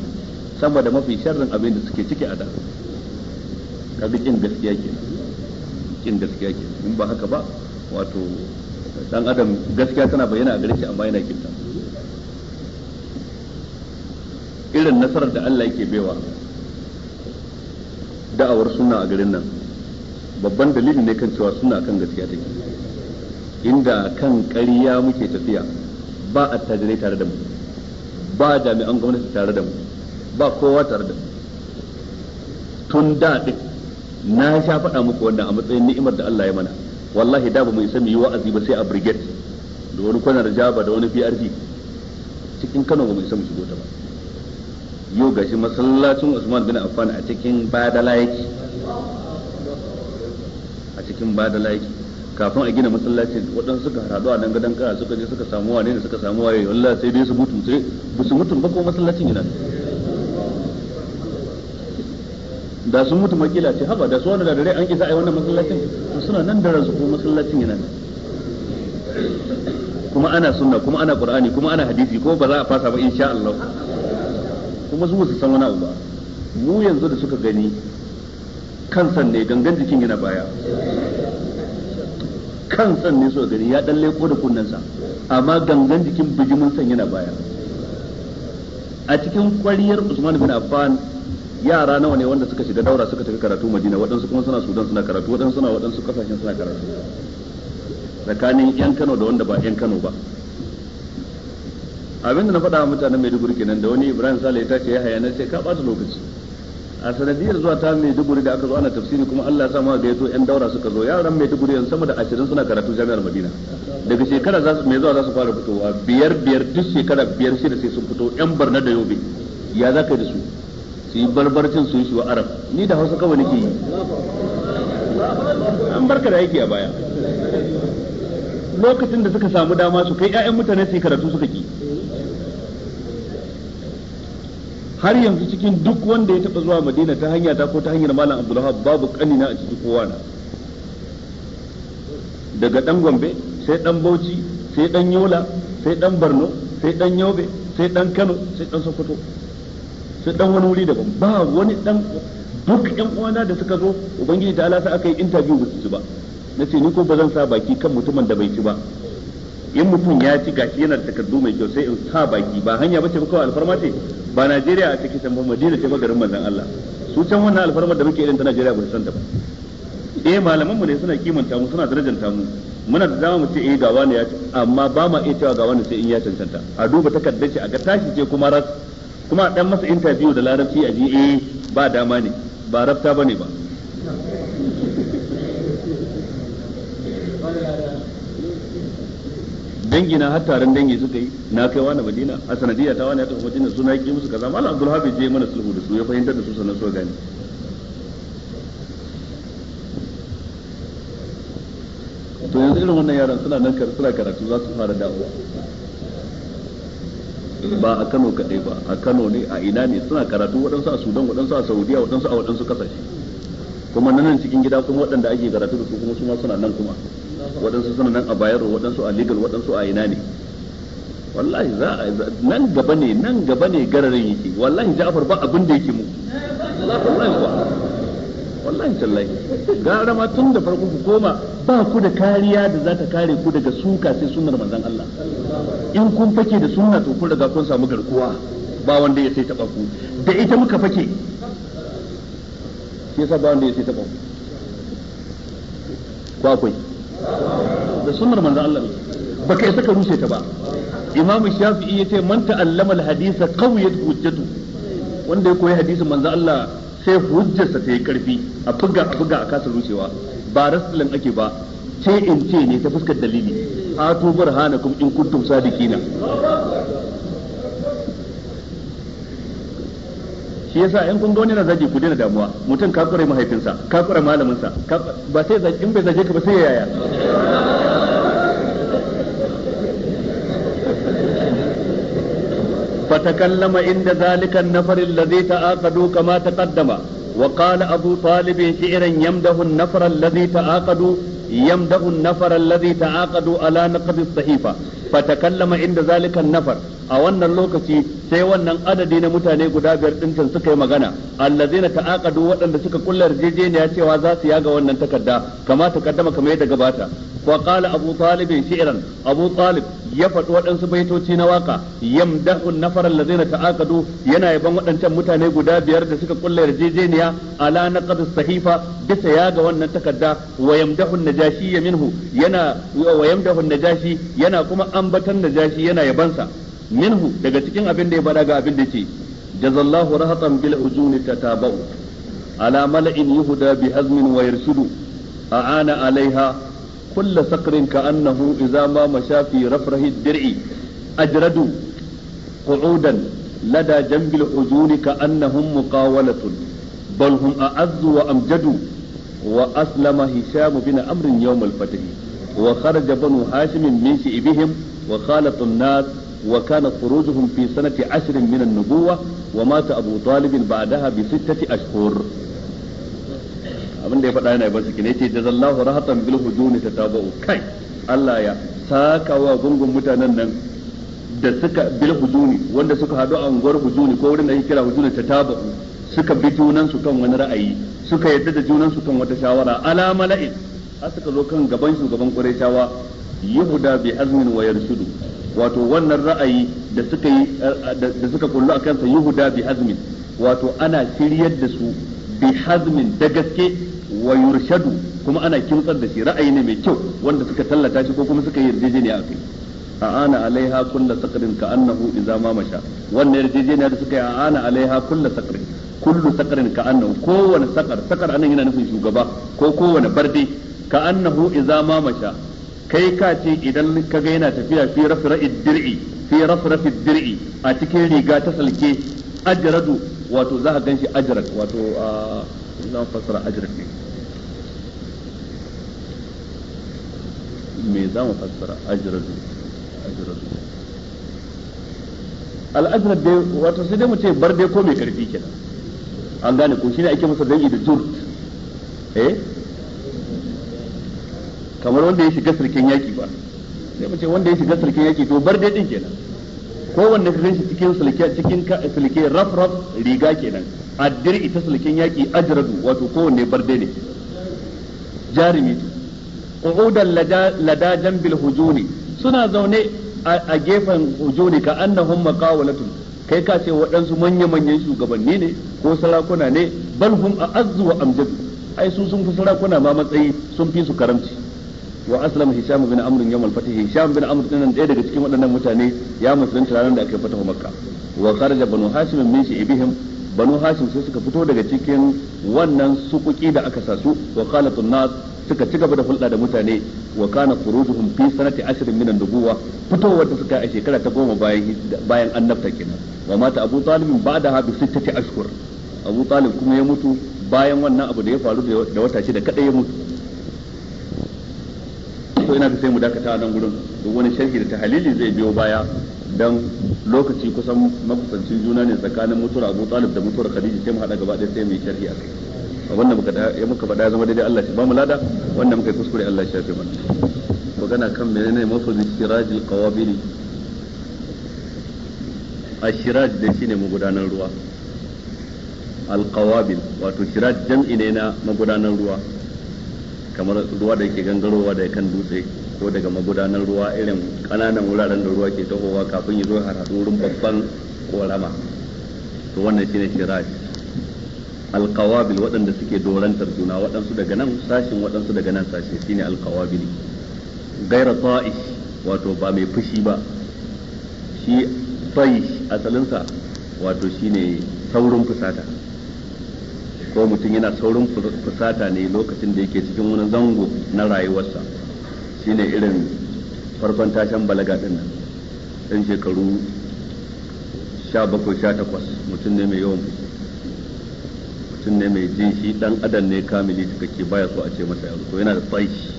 sama da mafi sharrin abin da suke ciki a da kaga kin gaskiya ke kin gaskiya ke in ba haka ba wato dan adam gaskiya tana bayyana a gare shi amma yana kinta irin nasarar da Allah yake baiwa da'awar sunna a garin nan babban dalilin ne kan cewa suna kan gaskiya take inda kan ƙarya muke tafiya ba attajirai tare da mu ba jami'an gwamnati tare da mu ba kowa tare da mu tun da ɗin na sha faɗa muku wannan a matsayin ni'imar da Allah ya mana wallahi da ba mu isa mu yi wa'azi ba sai a brigade da wani kwanar jaba da wani PRG cikin Kano ba mu isa mu shigo ta ba yau gashi masallacin Usman bin Affan a cikin Badala yake a cikin ba da laiki kafin a gina masallaci waɗansu suka haɗu a nan gadon ƙara suka je suka samu wane ne suka samu waye wallah sai dai su mutu sai ba su mutu ba ko masallacin yana da sun mutu makila ce haba da su wani da dare an isa a yi wannan masallacin to suna nan da razu ko masallacin yana kuma ana sunna kuma ana qur'ani kuma ana hadisi ko ba za a fasa ba insha Allah kuma su musu san wani abu ba mu yanzu da suka gani kansan ne gangan jikin yana baya kansan ne so gani ya dan leko da kunnensa amma gangan jikin bijimin san yana baya a cikin kwariyar Usman bin Affan yara nawa ne wanda suka shiga daura suka tafi karatu Madina waɗansu kuma suna Sudan suna karatu waɗansu suna waɗansu kasashen suna karatu tsakanin yan Kano da wanda ba yan Kano ba abinda na faɗa mutanen Maiduguri kenan da wani Ibrahim Sale ta ce ya haya na ce ka ɓata lokaci a sanadiyar zuwa ta mai Maiduguri da aka zo ana tafsiri kuma Allah ya sa ma ga yato yan daura suka zo yaran Maiduguri yanzu sama da 20 suna karatu jami'ar Madina daga shekara za su mai zuwa za su fara fitowa biyar biyar duk shekara biyar shida sai sun fito yan barna da yobe ya za ka da su su yi barbarcin su yi shi wa arab ni da hausa kawai nake yi an barka da aiki a baya lokacin da suka samu dama su kai 'ya'yan mutane su yi karatu suka ki har yanzu cikin duk wanda ya taba zuwa madina ta hanya ta ko ta hanyar malam abdulhab babu kanina a cikin kowa na daga dan gombe sai dan bauchi sai dan yola sai dan barno sai dan yobe sai dan kano sai dan sokoto sai dan wani wuri daban ba wani dan duk yan uwana da suka zo ubangiji ta alasa aka yi interview ba su ci ba nace ni ko ba zan sa baki kan mutumin da bai ci ba in mutum ya ci gashi yana da takardu mai kyau sai in sa baki ba hanya bace kawai alfarma ce ba Najeriya a cikin san Madina ce ba garin manzon Allah su can wannan alfarmar da muke irin ta Najeriya ba san ta ba eh malaman mu ne suna kimanta mu suna darajanta mu muna da dama mu ce eh ga ne ya ci amma ba ma iya cewa ga wani sai in ya cancanta a duba takardar shi a ga tashi ce kuma ras kuma a dan masa interview da larabci a ji eh ba dama ne ba rafta bane ba dangi na har taron dangi suka yi na kai wani madina a sanadiyya ta wani ya tafi madina suna yi musu kaza malam abdul habib je mana sulhu da su ya fahimtar da su sannan su gane to yanzu irin wannan yaran suna nan suna karatu za su fara da'awa ba a Kano kaɗai ba a Kano ne a ina ne suna karatu waɗansu a Sudan waɗansu a Saudiya waɗansu a waɗansu ƙasashe kuma nan cikin gida kuma waɗanda ake karatu da su kuma su ma suna nan kuma waɗansu suna nan a bayar waɗansu a legal waɗansu a ina ne wallahi za a nan gaba ne nan gaba ne gararin yake wallahi ja'far ba abin da yake mu wallahi ba wallahi tallahi gara ma tun da farko ku koma ba ku da kariya da za ta kare ku daga suka sai sunnar manzon Allah in kun fake da sunna to kun riga kun samu garkuwa ba wanda ya sai taba ku da ita muka fake shi yasa ba wanda ya sai taba ku ku akwai da sunnar manzo Allah baka isa ka rushe ta ba imam shafi'i yace man ta'allama al-hadisa qawiyat hujjatu wanda ya koyi hadisin manzo Allah sai hujjarsa ta yi karfi a buga a buga a kasa rushewa ba rasulun ake ba ce in ce ne ta fuskar dalili atu burhanakum in kuntum sadiqina shi yasa in kun ga wani na zagi ku daina damuwa mutum ka kure mahaifinsa ka kure malaminsa ba sai zagi in bai zage ka ba sai yaya فتكلم عند ذلك النفر الذي تعاقدوا كما تقدم وقال أبو طالب شعرا يمده النفر الذي تعاقدوا يمده النفر الذي تعاقدوا على نقد الصحيفة fatakallama inda zalikan nafar a wannan lokaci sai wannan adadi na mutane guda biyar din can suka yi magana allazina ta'aqadu waɗanda suka kulla yarjejeniya cewa za su yaga wannan takarda kama takaddama kamar yadda gabata wa qala abu talib shi'ran abu talib ya faɗi waɗansu baitoci na waka yamdahu nafar allazina ta'aqadu yana yaban waɗancan mutane guda biyar da suka kulla yarjejeniya ala naqd sahifa bisa yaga wannan takarda wa yamdahu najashi minhu yana wa yamdahu najashi yana kuma ambatan najashi yana yabansa minhu daga cikin abin da ya faɗa ga abin da yake jazallahu rahatan bil ujuni tatabau ala mala'in yuhda bi azmin wa yarshudu a'ana alaiha kull saqrin ka'annahu izama ma masha fi rafrahi dir'i ajradu qu'udan lada jambil ujuni ka'annahum muqawalatun bal hum a'azzu wa amjadu wa aslama hisham bin amrin yawm al-fatih wa kharaja banu hashim min shi'bihim wa khalatu an-nas wa kana khurujuhum fi sanati 10 min an-nubuwah wa mata abu talib ba'daha bi sittati ashhur abin da ya faɗa yana ya barsu kine ce jazallahu rahatan bil ta tatabau kai Allah ya saka wa gungun mutanen nan da suka bil hujuni wanda suka hadu a unguwar hujuni ko wurin da ake kira hujuni tatabau suka bi junan su kan wani ra'ayi suka yadda da junan su kan wata shawara ala mala'in har suka zo kan gaban shugaban Qurayshawa yahuda bi azmin wa yarshudu wato wannan ra'ayi da suka yi da suka kullu akan sa yahuda bi azmin wato ana shiryar da su bi hazmin da gaske wa yurshadu kuma ana kintsar da shi ra'ayi ne mai kyau wanda suka tallata shi ko kuma suka yarjejeniya a kai a ana alaiha kulla sakrin ka annahu idza ma masha wannan yarjejeniya da suka yi a ana alaiha kulla sakrin kullu sakrin ka annahu kowane sakar sakar anan yana nufin shugaba ko kowane barde ka annahu idza ma masha kai ka ce idan ka ga yana tafiya fi rafra'id dir'i fi rafra'id dir'i a cikin riga ta salke ajradu wato za ka ganshi ajrak wato a zan fasara ajrak ne me za mu fassara ajradu ajradu al-ajrad dai wato sai dai mu ce bar dai ko mai karfi kenan an gane ko shine ake masa dangi da jurt eh kamar wanda ya shiga sarkin yaki ba sai mace wanda ya shiga sarkin yaki to bar dai din kenan kowanne ka ganshi cikin sulke cikin sulke raf raf riga kenan addir ita sulken yaki ajradu wato kowanne bar dai ne jarimi qu'udan lada jambil hujuni suna zaune a gefen hujuni ka annahum maqawalatun kai ka ce waɗansu manya-manyan shugabanni ne ko sarakuna ne balhum a azzu wa amjadu ai su sun fi sarakuna ma matsayi sun fi su karamci wa aslama hisham bin amr yawm al-fath hisham bin amr din ɗaya daga cikin waɗannan mutane ya musulunta ranar da aka fatahu makka wa kharaja banu hashim min shi'bihim banu hashim sai suka fito daga cikin wannan sukuki da aka sasu wa qalatun nas suka ci gaba da hulɗa da mutane wa kana khurujuhum fi sanati ashrin min an-nubuwa fitowar da suka yi a shekara ta goma bayan bayan annabta kenan wa mata abu talib ba'daha bi sittati ashhur abu talib kuma ya mutu bayan wannan abu da ya faru da wata shida kada ya mutu to ina ga sai mu dakata nan gurin duk wani sharhi da ta halili zai biyo baya dan lokaci kusan makusancin juna ne tsakanin mutuwar Abu Talib da mutuwar Khadija sai mu hada gaba ɗaya sai mu yi sharhi a kai wannan muka da ya muka faɗa zama daidai Allah shi ba mu lada wannan muka yi kuskure Allah shi ya fi mana magana kan menene mafuzi shiraji qawabili ashiraj da shine magudanar ruwa alqawabil wato shiraj jam'i ne na magudanar ruwa kamar ruwa da ke gangarowa da kan dutse ko daga magudanar ruwa irin kananan wuraren da ruwa ke tahowa kafin ya zo har wurin babban ƙorama to wannan shine shiraj alkawabil waɗanda suke dorantar juna waɗansu daga nan sashin waɗansu daga nan shi shine alkawabil gaira ta'ish wato ba mai fushi ba shi ta'ish asalinsa wato shine saurin fusata ko mutum yana saurin fusata ne lokacin da yake cikin wani zango na rayuwarsa shine irin farkon tashan balaga din nan ɗan shekaru sha bakwai sha takwas mutum ne mai yawan mutum ne mai jin shi ɗan adam ne kamili kake baya so a ce masa yanzu Ko yana da tsaishi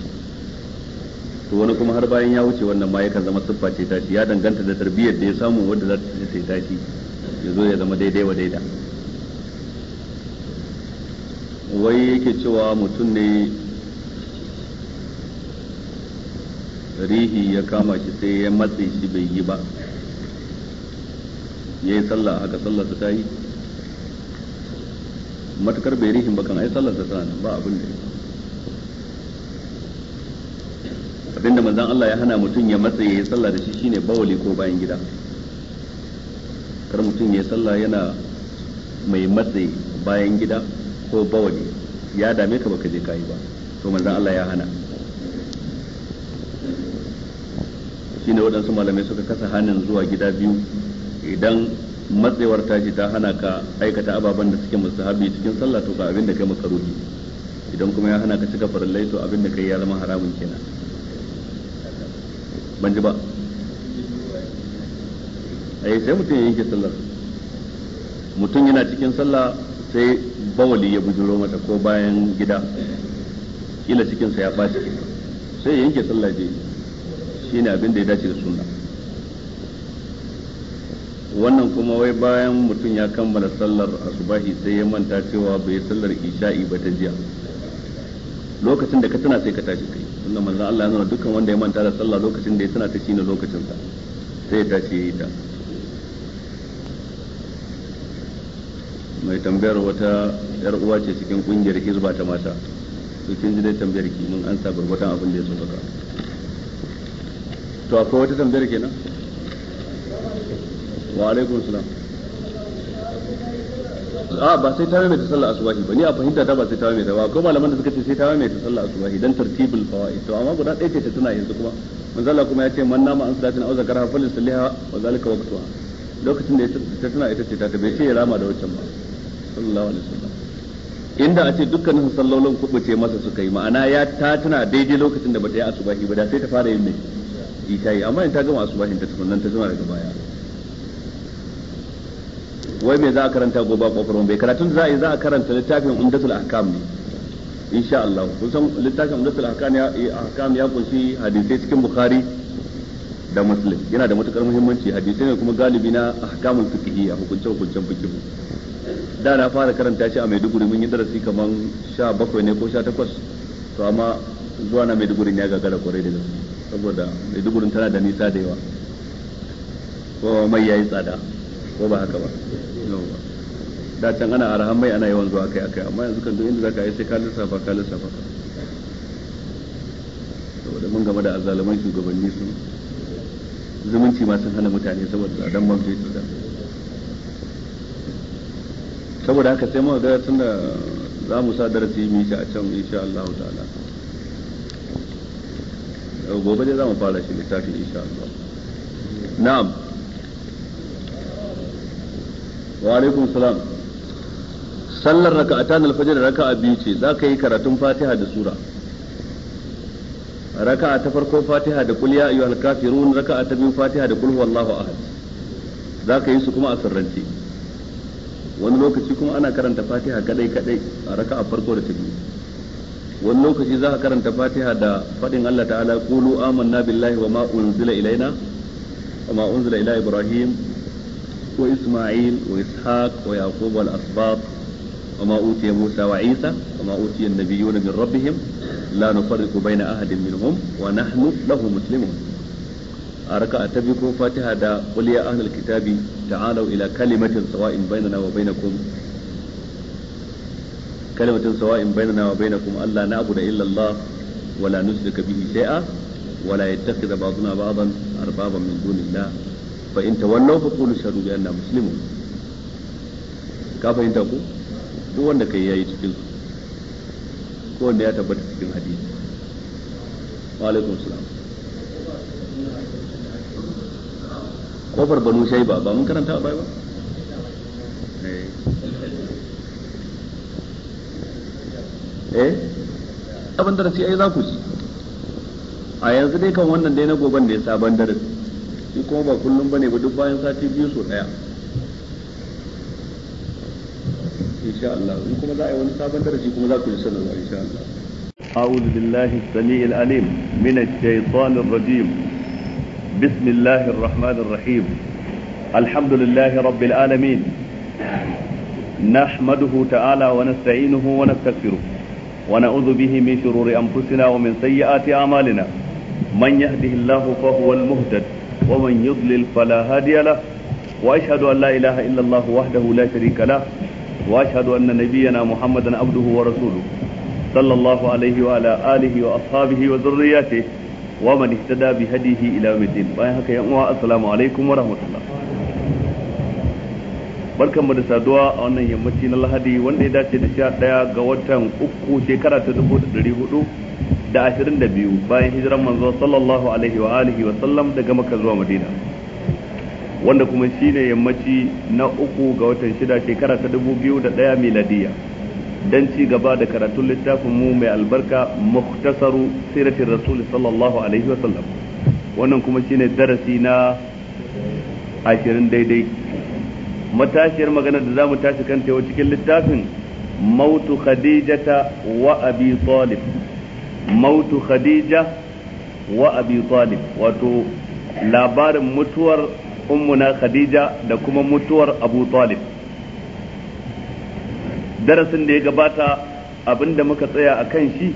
to wani kuma har bayan ya wuce wannan ma yakan zama siffa ce tashi ya danganta da tarbiyyar da ya samu wadda za ta sai tashi ya zo ya zama daidai wa daida wai yake cewa mutum ne rihi ya kama shi sai ya matse shi bai yi ba ya yi sallah haka sallarsa ta yi matukar bai rihin bakan ai sallarsa ta tsana ba abin da abin abinda manzan Allah ya hana mutum ya matse ya yi sallah da shi shine bawali ko bayan gida kar mutum ya yi sallah yana mai matse bayan gida ko bawali ya dame ka baka je kayi ba to manzon Allah ya hana shine waɗansu malamai suka kasa hanin zuwa gida biyu idan matsewar tashi ta hana ka aikata ababen da suke mustahabi cikin sallah to ga abin da kai makaruhi idan kuma ya hana ka cika farallai to abin da kai ya zama haramun kenan ban ji ba ai eh, sai mutum ya yanke sallar mutum yana cikin sallah sai bawali ya bujuro mata ko bayan gida kila cikinsa ya ɓaci sai ya yanke sallah je shi ne abin da ya dace da sunna wannan kuma wai bayan mutum ya kammala sallar asubahi sai ya manta cewa bai sallar isha'i ba ta jiya lokacin da ka tana sai ka tashi kai wannan manzon Allah ya nuna dukkan wanda ya manta da sallah lokacin da ya tana ta shine lokacin sa sai ya tashi ya yi ta mai tambayar wata yar uwa ce cikin kungiyar hizba ta mata to kin ji dai tambayar ki mun an sa gurgurtan abin da ya saka to akwai wata tambayar kenan wa alaikum salam a ah, ba sai ta mai ta sallah asubahi ba ni a fahimta ta ba sai ta mai ta ba ko malaman da suka ce sai ta mai ta sallah asubahi dan tartibul fawaid to amma guda ɗaya ce ta tana yanzu kuma manzo Allah kuma ya ce man nama an salatin au zakara fa lisallaha wa zalika waqtuha lokacin da ta tana ita ce ta bai ce ya rama da wancan ba sallallahu alaihi wasallam inda a ce dukkanin sallolin kubuce masa suka yi ma'ana ya ta tana daidai lokacin da bata yi asubahi ba da sai ta fara yin mai yi amma in ta gama asubahin ta nan ta zama daga baya wai me za a karanta gobe a bai karatun za a yi za a karanta littafin umdatul ahkam ne insha Allah kusan littafin umdatul ahkam ya ahkam ya kunshi hadisai cikin bukhari da muslim yana da matukar muhimmanci hadisai ne kuma galibi na ahkamul fiqhiyya hukunce hukuncen fiqh da na fara karanta shi a Maiduguri mun yi darasi kaman 17 ne ko 18 to amma zuwa na Maiduguri ya gagara kwarai da gaske saboda Maiduguri tana da nisa da yawa ko mai yayi tsada ko ba haka ba da can ana arahan mai ana yawan zuwa kai akai amma yanzu kan duk inda zaka yi sai ka lissafa ka lissafa saboda mun game da azzaluman shugabanni su zumunci ma sun hana mutane saboda tsadan man fetur da saboda haka sai muka ga tunda za mu sa darasi mu shi a can insha Allah ta'ala gobe dai za mu fara shi littafin insha Allah na'am wa alaikum salam sallar raka'atan alfajr raka'a biyu ce za ka yi karatun fatiha da sura raka'a ta farko fatiha da kul ya ayyuhal kafirun raka'a ta biyu fatiha da kul wallahu ahad za ka yi su kuma a sirrance wani lokaci kuma ana karanta fatiha kadai kadai a a farko da ta biyu wani lokaci za a karanta fatiha da fadin Allah ta'ala qulu amanna billahi wa ma unzila ilaina wa ma unzila ila ibrahim wa isma'il wa ishaq wa yaqub wal asbab wa ma utiya musa wa isa wa ma utiya an min rabbihim la nufarriqu baina ahadin minhum wa nahnu lahu muslimun a ta biyu fatiha da qul ya kitabi ta'alu ila kalimatin sawa'in bainana wa bainakum kalimatin sawa'in bainana wa bainakum alla na'budu illa Allah wa la nushrika bihi shay'a wa la yattakhidha ba'duna ba'dan arbaban min dunillah fa in tawallaw fa qulu shahadu bi anna muslimun ka fahimta ko duk wanda kai yayi cikin ko wanda ya tabbata cikin hadisi wa alaikum kofar banu shai ba ba mun karanta ba ba eh. eh abin da ai za ku ji a yanzu dai kan wannan dai na goban da ya sabon darasi shi kuma ba kullum bane ba duk bayan sati biyu so daya insha Allah in kuma za a yi wani sabon darasi kuma za ku ji sanarwa insha Allah أعوذ بالله السميع العليم من الشيطان الرجيم بسم الله الرحمن الرحيم الحمد لله رب العالمين نحمده تعالى ونستعينه ونستغفره ونعوذ به من شرور أنفسنا ومن سيئات أعمالنا من يهده الله فهو المهتد ومن يضلل فلا هادي له وأشهد أن لا إله إلا الله وحده لا شريك له وأشهد أن نبينا محمدا عبده ورسوله صلى الله عليه وعلى آله وأصحابه وذرياته wa man ihtada bi hadihi ila yawmiddin bayan haka yan uwa assalamu alaikum wa rahmatullah barkan mu da saduwa a wannan yammaci na Lahadi wanda ya dace da daya ga watan uku shekara ta dubu da 22 bayan hijiran manzo sallallahu alaihi wa alihi wa sallam daga Makka zuwa Madina wanda kuma shine yammaci na uku ga watan shida shekara ta 2001 miladiyya dan ci gaba da karatun littafin mu mai albarka muhtasaru siratin rasul sallallahu alaihi wasallam wannan kuma shine darasi na ashirin daidai matashiyar magana da zamu tashi kan tewa cikin littafin mautu khadijata wa abi talib mautu khadija wa abi talib wato labarin mutuwar ummuna khadija da kuma mutuwar abu talib darasin da ya gabata abinda muka tsaya a kan shi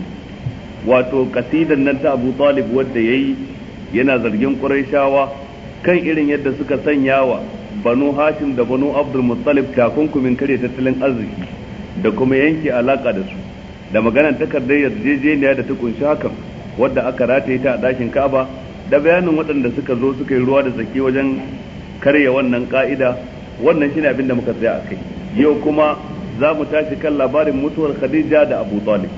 wato kasidan nan ta abu talib wadda ya yi yana zargin ƙurashawa kan irin yadda suka sanya wa banu hashim da banu abdul muttalib takunkumin kare tattalin arziki da kuma yanke alaka da su da maganar takardar yarjejeniya da ta kunshi hakan wadda aka rataye ta a ɗakin ka'aba da bayanin waɗanda suka zo suka yi ruwa da tsaki wajen karya wannan ka'ida wannan shine abin da muka tsaya a kai yau kuma za mu tashi kan labarin mutuwar khadija da abu talib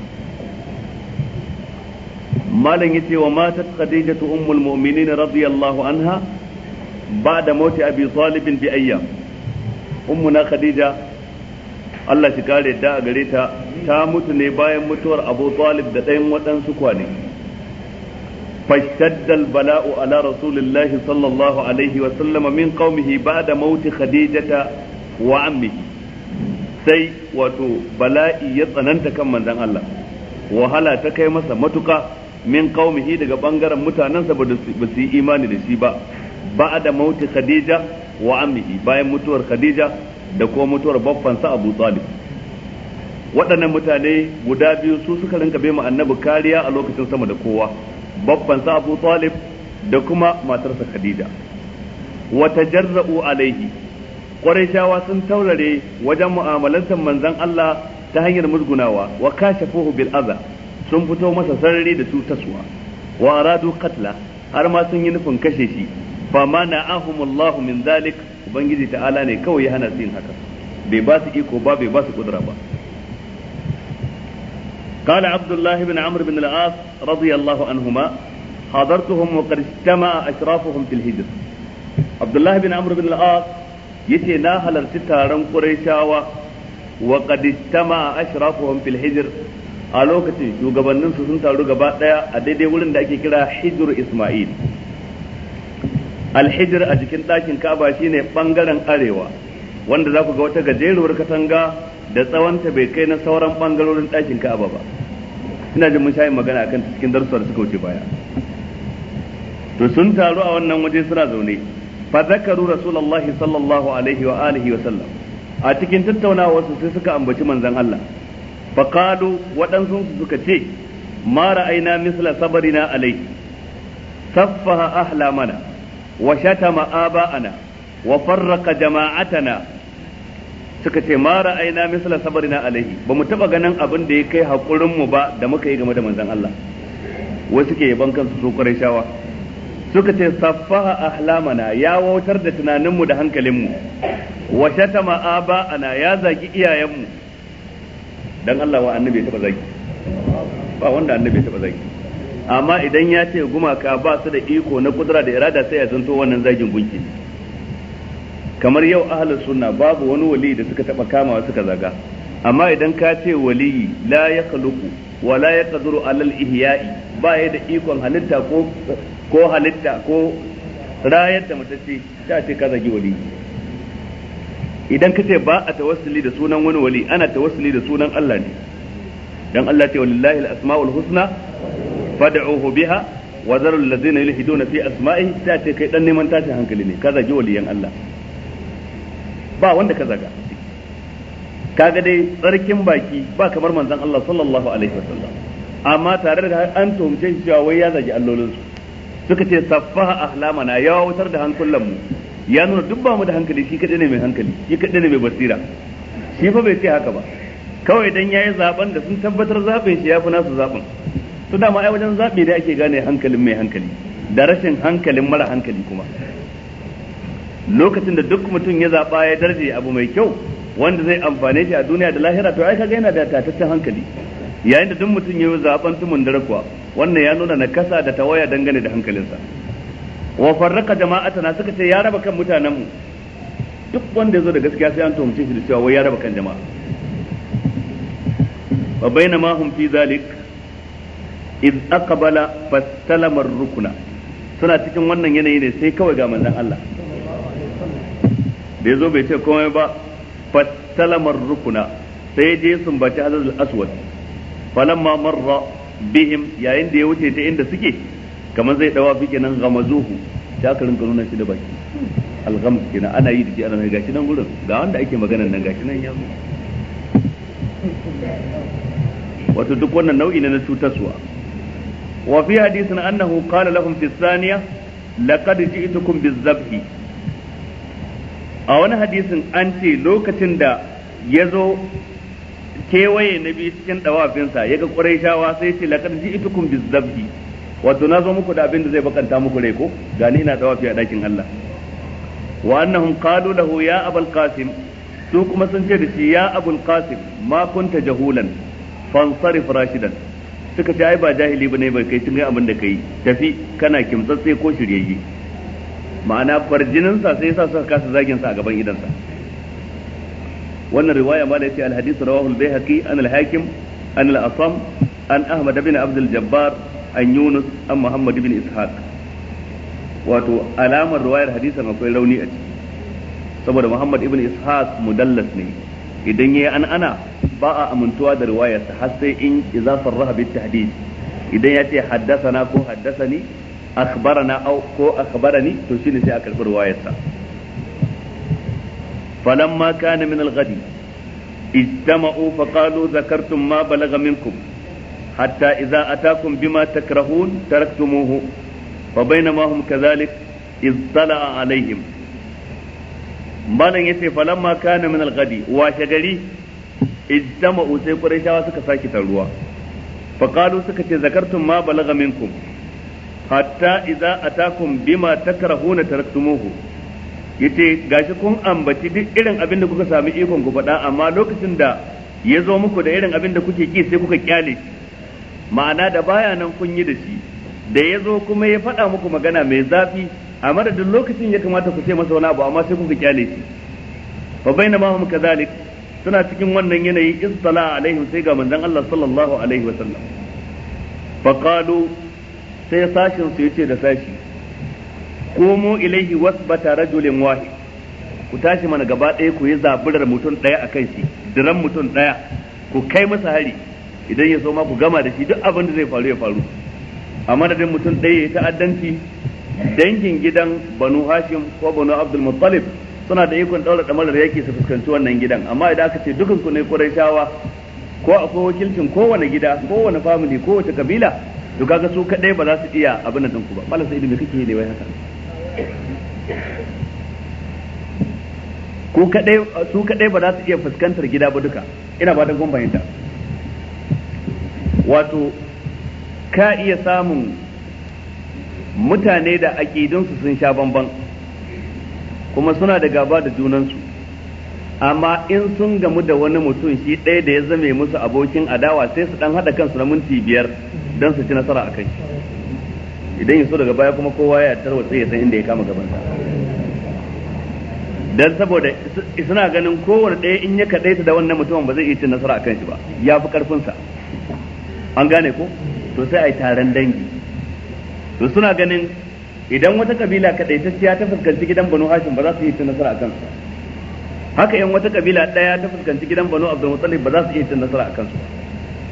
malam ya ce wa matat khadijatu ummul mu'minin radiyallahu anha ba da mauti abi talib bi ayyam ummuna khadija Allah shi kare da a gare ta ta mutu ne bayan mutuwar Abu Talib da ɗayan waɗansu kwane fashaddal bala'u ala rasulillahi sallallahu alaihi wa sallama min qaumihi ba'da mauti khadijata wa ammihi sai wato bala'i ya tsananta kan manzon Allah wahala ta kai masa matuka min qaumihi daga bangaren mutanansa ba su yi imani da shi ba ba'da mauti khadija wa ammihi bayan mutuwar khadija da kuma mutuwar baffansa abu talib waɗannan mutane guda biyu su suka rinka bai annabi kariya a lokacin sama da kowa baffansa abu talib da kuma matarsa khadija wa tajarra'u alaihi Qurayshawa sun taurare wajen mu'amalantar manzon Allah ta hanyar musgunawa wa kashafuhu bil adha sun fito masa sarari da cutaswa wa aradu qatla har ma sun yi nufin kashe shi fa mana'ahumullahu min zalik ubangiji ta'ala ne kawai ya hana su yin haka bai ba su iko ba bai ba su kudura ba قال عبد الله بن عمرو بن العاص رضي الله عنهما حضرتهم وقد اجتمع أشرافهم في الهجر عبد الله بن عمرو بن العاص yace na halarci taron quraishawa wa qadittama ashrafuhum fil hijr a lokacin shugabannin su sun taru gaba daya a daidai wurin da ake kira hijr isma'il al hijr a jikin ɗakin ka'aba shine bangaren arewa wanda za ku ga wata gajeruwar katanga da tsawonta bai kai na sauran bangarorin ɗakin ka'aba ba ina jin mun shayi magana akan cikin darussan da suka wuce baya to sun taru a wannan waje suna zaune fa zakaru rasulullahi sallallahu alaihi wa alihi wa sallam a cikin tattaunawa su sai suka ambaci manzon Allah fa qalu wadansu suka ce ma ra'ayna misla sabrina alaihi saffaha ahla mana wa shatama wa ce misla sabarina alaihi ba mu taba ganin abin da ya kai hakurin mu ba da muka yi game da manzon Allah wasu ke yaban kansu su shawa suka ce saffaha ahlamana ya wautar da tunaninmu da hankalinmu wa shatama aba'ana ya zagi iyayenmu dan Allah wa annabi ya taba zagi ba wanda annabi ya taba zagi amma idan ya ce gumaka ba su da iko na kudura da irada sai ya zanto wannan zagin gunki kamar yau ahlus sunna babu wani wali da suka taba kamawa suka zaga amma idan ka ce waliyi la yakhluqu wa la yaqdiru alal ihya'i ba ya da ikon halitta ko ko halitta ko rayar da matacce ta ce ka zagi wali idan ka ce ba a tawassuli da sunan wani wali ana tawassuli da sunan Allah ne dan Allah ce walillahi al-asmaul husna fad'uhu biha wa zaru allazina yulhiduna fi asma'ihi ta ce kai dan neman tashin hankali ne ka zagi waliyan Allah ba wanda ka zaga kaga dai tsarkin baki ba kamar manzon Allah sallallahu alaihi wasallam amma tare da an tuhumce shi cewa wai ya zagi allolinsu suka ce saffaha ahlamana ya wutar da hankulan mu ya nuna duk ba mu da hankali shi kadai ne mai hankali shi kadai ne mai basira shi fa bai ce haka ba kawai dan yayi zaben da sun tabbatar zaben shi yafi nasu zaben to dama ai wajen zabe da ake gane hankalin mai hankali da rashin hankalin mara hankali kuma lokacin da duk mutum ya zaba ya darje abu mai kyau wanda zai amfane shi a duniya da lahira to ai kaga yana da tataccen hankali yayin da duk mutum ya yi zaben tumun dare kuwa wannan ya nuna na kasa da tawaya dangane da hankalinsa wa farraka tana suka ce ya raba kan mutanenmu duk wanda ya zo da gaskiya sai an tuhumce shi da cewa wai ya raba kan jama'a wa ma hum fi zalik id aqbala fastalama rukuna suna cikin wannan yanayi ne sai kawai ga manzon Allah da zo bai ce komai ba fastalama rukuna sai je sun bace hazal aswad falamma marra bihim yayin da ya wuce ta inda suke kamar zai dawa fi nan gamazuhu ta aka rinka shi da baki algham kenan ana yi da shi ana gashi nan gurin ga wanda ake maganar nan gashi nan yanzu wato duk wannan nau'i ne na cutarwa wa fi hadisin annahu qala lahum fi thaniya laqad ji'tukum bizabhi a wani hadisin an ce lokacin da yazo kewaye na biyu cikin dawafinsa ya ga ƙuraishawa sai ce laƙar ji bi bizzabhi wato na zo muku da abin da zai bakanta muku rai ko gani na dawafi a ɗakin Allah wa annahum qalu lahu ya abul qasim su kuma sun ce da shi ya abul qasim ma kunta jahulan fansarif rashidan suka ce ai ba jahili bane bai kai tun abin da kai tafi kana kimtsatse ko shiryayye ma'ana sa sai yasa suka kasa zagin sa a gaban idansa wannan riwaya ma da yace al-hadith rawahu al-Baihaqi an al-Hakim an al-Asam an Ahmad ibn Abd al-Jabbar an Yunus an Muhammad ibn Ishaq wato alamar riwayar hadisin akwai rauni a ciki saboda Muhammad ibn Ishaq mudallas ne idan yayi an ana ba a amintuwa da riwayarsa har sai in izafar sarraha bit tahdid idan yace haddathana ko haddathani akhbarana aw ko akhbarani to shine sai a karbi riwayarsa فلما كان من الغد اجتمعوا فقالوا ذكرتم ما بلغ منكم حتى إذا أتاكم بما تكرهون تركتموه فبينما هم كذلك إذ طلع عليهم malam yace falamma kana min alghadi washe gari ijtama'u sai quraishawa suka saki taruwa fa qalu suka ce zakartum ma balaga minkum hatta idza yace gashi kun ambaci duk irin abin da kuka sami ikon ku faɗa amma lokacin da ya zo muku da irin abin da kuke ki sai kuka kyale ma'ana da baya nan kun yi da shi da ya zo kuma ya faɗa muku magana mai zafi a madadin lokacin ya kamata ku ce masa wani abu amma sai kuka kyale shi fa ma hum kadhalik suna cikin wannan yanayi istala alaihi sai ga manzon Allah sallallahu alaihi wasallam fa qalu sai sashin su yace da sashi komo ilaihi wasbata rajulin wahid ku tashi mana gaba ɗaya ku yi zaburar mutum ɗaya a kan shi diran mutum ɗaya ku kai masa hari idan ya so ma ku gama da shi duk abin da zai faru ya faru a madadin mutum ɗaya ya ta'addanci dangin gidan banu hashim ko banu abdul muttalib suna da ikon ɗaura ɗamarar yaki su fuskanci wannan gidan amma idan aka ce dukan ku ne shawa ko akwai wakilcin kowane gida kowane family kowace kabila to kaga su kadai ba za su iya abin da ku ba malam sai idan kake ne wai haka ku kadai su kadai ba za su iya fuskantar gida ba duka ina ba da fahimta wato ka iya samun mutane da aƙidunsu sun sha bamban kuma suna da gaba da junansu amma in sun gamu da wani mutum shi ɗaya da ya zame musu abokin adawa sai su ɗan haɗa kansu na minti biyar don su ci nasara a kai idan ya so daga baya kuma kowa ya sai ya san inda ya kama gabansa dan saboda suna ganin kowane ɗaya in ya kaɗaita da wannan mutumin ba zai iya cin nasara a kan shi ba ya fi ƙarfinsa an gane ko to sai a yi taron dangi to suna ganin idan wata kabila kaɗaitacciya ta fuskanci gidan banu hashim ba za su iya cin nasara a kansu haka yan wata kabila ɗaya ta fuskanci gidan banu abdul ba za su iya cin nasara a kansu ba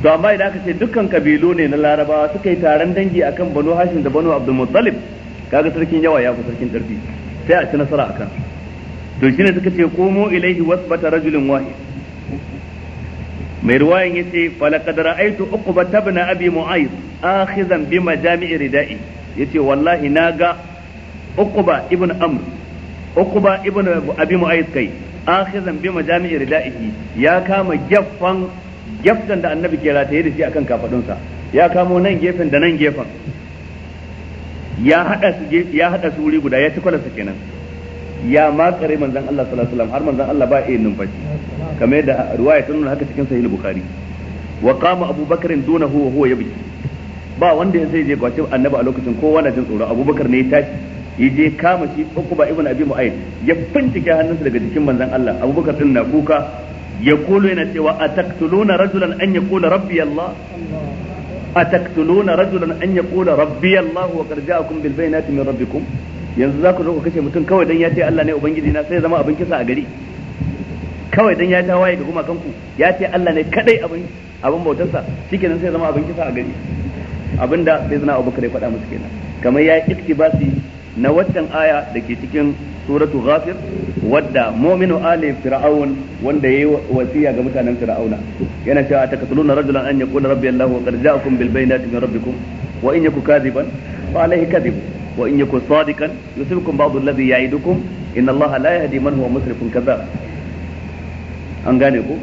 to amma idan aka ce dukkan kabilu ne na larabawa suka yi taron dangi akan banu hashim da banu abdul muttalib kaga sarkin yawa ya fi sarkin karfi sai a ci nasara akan to shine suka ce komo ilaihi wasbata rajulin wahid mai ruwayan yace falaqad ra'aytu uqba ibn abi mu'ayth akhizan bi majami'i rida'i yace wallahi naga uqba ibn amr uqba ibn abi mu'ayth kai akhizan bi majami'i rida'ihi ya kama gaffan gefen da annabi ke rataye da shi a kan kafadunsa ya kamo nan gefen da nan gefen ya hada su wuri guda ya ci kwalarsa kenan ya makare manzan Allah sallallahu alaihi har manzan Allah ba iya numfashi kamar yadda ruwa ta nuna haka cikin sahih bukhari wa qama abubakar dunahu wa huwa yabki ba wanda ya sai je kwace annabi a lokacin kowa na jin tsoro abubakar ne ya tashi ya je kama shi ba ibn abi mu'ayyid ya bincike hannunsa daga jikin manzan Allah abubakar din na kuka yaqulu yana cewa ataqtuluna rajulan an yaqula rabbi Allah ataqtuluna rajulan an yaqula rabbi Allah wa qad ja'akum bil bayinati min rabbikum yanzu za ku zo ku kashe mutum kawai dan ya ce Allah ne ubangiji na sai zama abin kisa a gari kawai dan ya ta waye da kuma kanku ya ce Allah ne kadai abin abin sa shikenan sai zama abin kisa a gari abinda sai zana Abubakar ya faɗa musu kenan kamar ya iktibasi na waccan aya da ke cikin suratu ghafir wadda mu'minu ali fir'aun wanda yayi wasiya ga mutanen fir'auna yana cewa takatuluna rajulan an yaqula rabbi allah wa qad ja'akum bil bayinati min rabbikum wa in yakun kadiban fa alayhi kadib wa in yakun sadikan yusibukum ba'd alladhi ya'idukum inna allah la yahdi man huwa musrifun kadhab an gane ko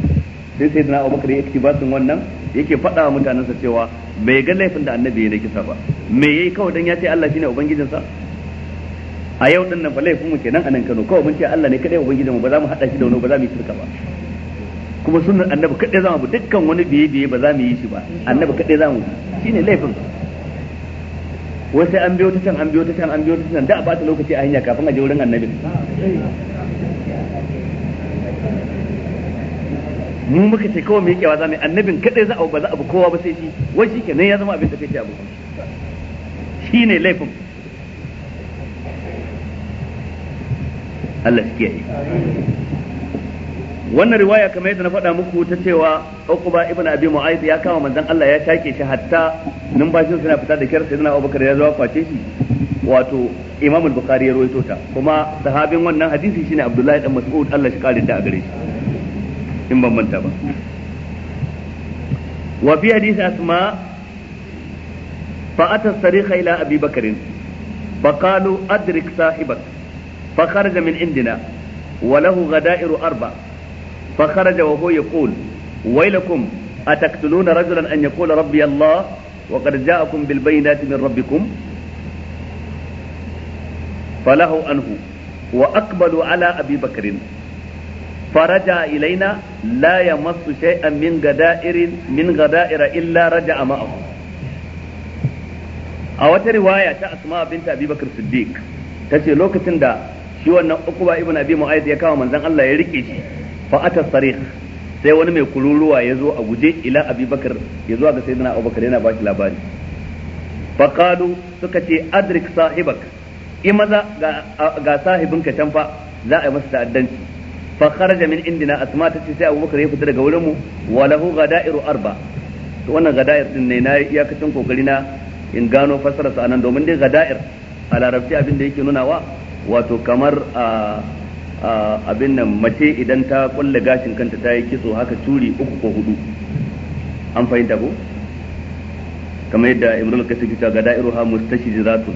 sai sayyidina dana abubakar ya iktibasin wannan yake faɗa wa mutanansa cewa bai ga laifin da annabi ya na kisa ba me yayi kawai dan ya ce Allah shine ubangijinsa a yau din nan balai laifin kenan a nan Kano kawai mun ce Allah ne kadai ubangijin mu ba za mu hada shi da wani ba za mu yi shirka ba kuma sunan annabi kadai za mu dukkan wani biye biye ba za mu yi shi ba annabi kadai za mu shine laifin wai sai an biyo ta can an biyo ta can an biyo ta can da a ta lokaci a hanya kafin a je wurin annabi mu muka ce kawai mu yi kewa za mu annabin kadai za a ba za a bi kowa ba sai shi wai shi kenan ya zama abin da kai ce abu shine laifin Allah shi kiyaye wannan riwaya kamar yadda na faɗa muku ta cewa Uqba ibn Abi Mu'ayth ya kama manzon Allah ya take shi hatta numfashin suna fita da kyar sayyidina Abubakar ya zo kwace shi wato Imam al-Bukhari ya rawaito ta kuma sahabin wannan hadisi shine Abdullahi dan Mas'ud Allah shi kare da a gare shi in ban manta ba wa fi hadisi Asma fa atas sariha ila Abi Bakr fa qalu adrik sahibak fa kharaja min indina wa lahu ghada'iru arba fa kharaja wa huwa yaqul waylakum ataqtuluna rajulan an yaqula rabbi Allah wa qad ja'akum bil bayyinati min rabbikum falahu anhu wa aqbalu ala abi bakrin فرجع إلينا لا يمس شيئا من غدائر من غدائر إلا رجع معه a wata riwaya ta Asma'a binta abi bakar siddiq ta ce lokacin da shi wannan uku ba ibn abi mu'ayyid ya kama manzon Allah ya rike shi fa ata sarih sai wani mai kururuwa ya zo a guje ila abubakar ya zuwa ga sayyidina abubakar yana ba shi labari fa qalu suka ce adrik sahibak in maza ga sahibinka can fa za a yi masa ta'addanci fa kharaja min indina asma ta ce sai abubakar ya fita daga wurin mu wa lahu gada'iru arba to wannan Gada'ir din ne na iyakacin kokari na in gano fassarar sa anan domin dai Gada'ir a larabci abin da yake nunawa wato kamar a abin nan mace idan ta kulle gashin kanta ta yi kitso haka turi uku ko hudu an fahimta ko kamar yadda imrul kasir ke cewa ga da'iruha zatu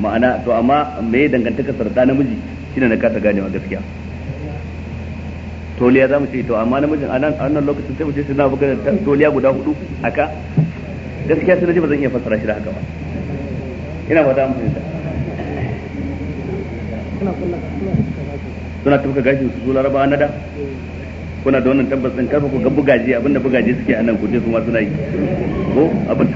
ma'ana to amma me dangantaka sarda namiji shine na kasa ganewa gaskiya toliya za mu ce to amma namijin a nan lokacin sai mu ce suna buga toliya guda hudu haka gaskiya sai na ji ba zan iya fassara shi da haka ba ina fata mu fahimta suna tafka gashi su laraba na da kuna da wannan tabbas din karfa ku ga bugaje abinda bugaje suke a nan kuje su ma suna yi ko abin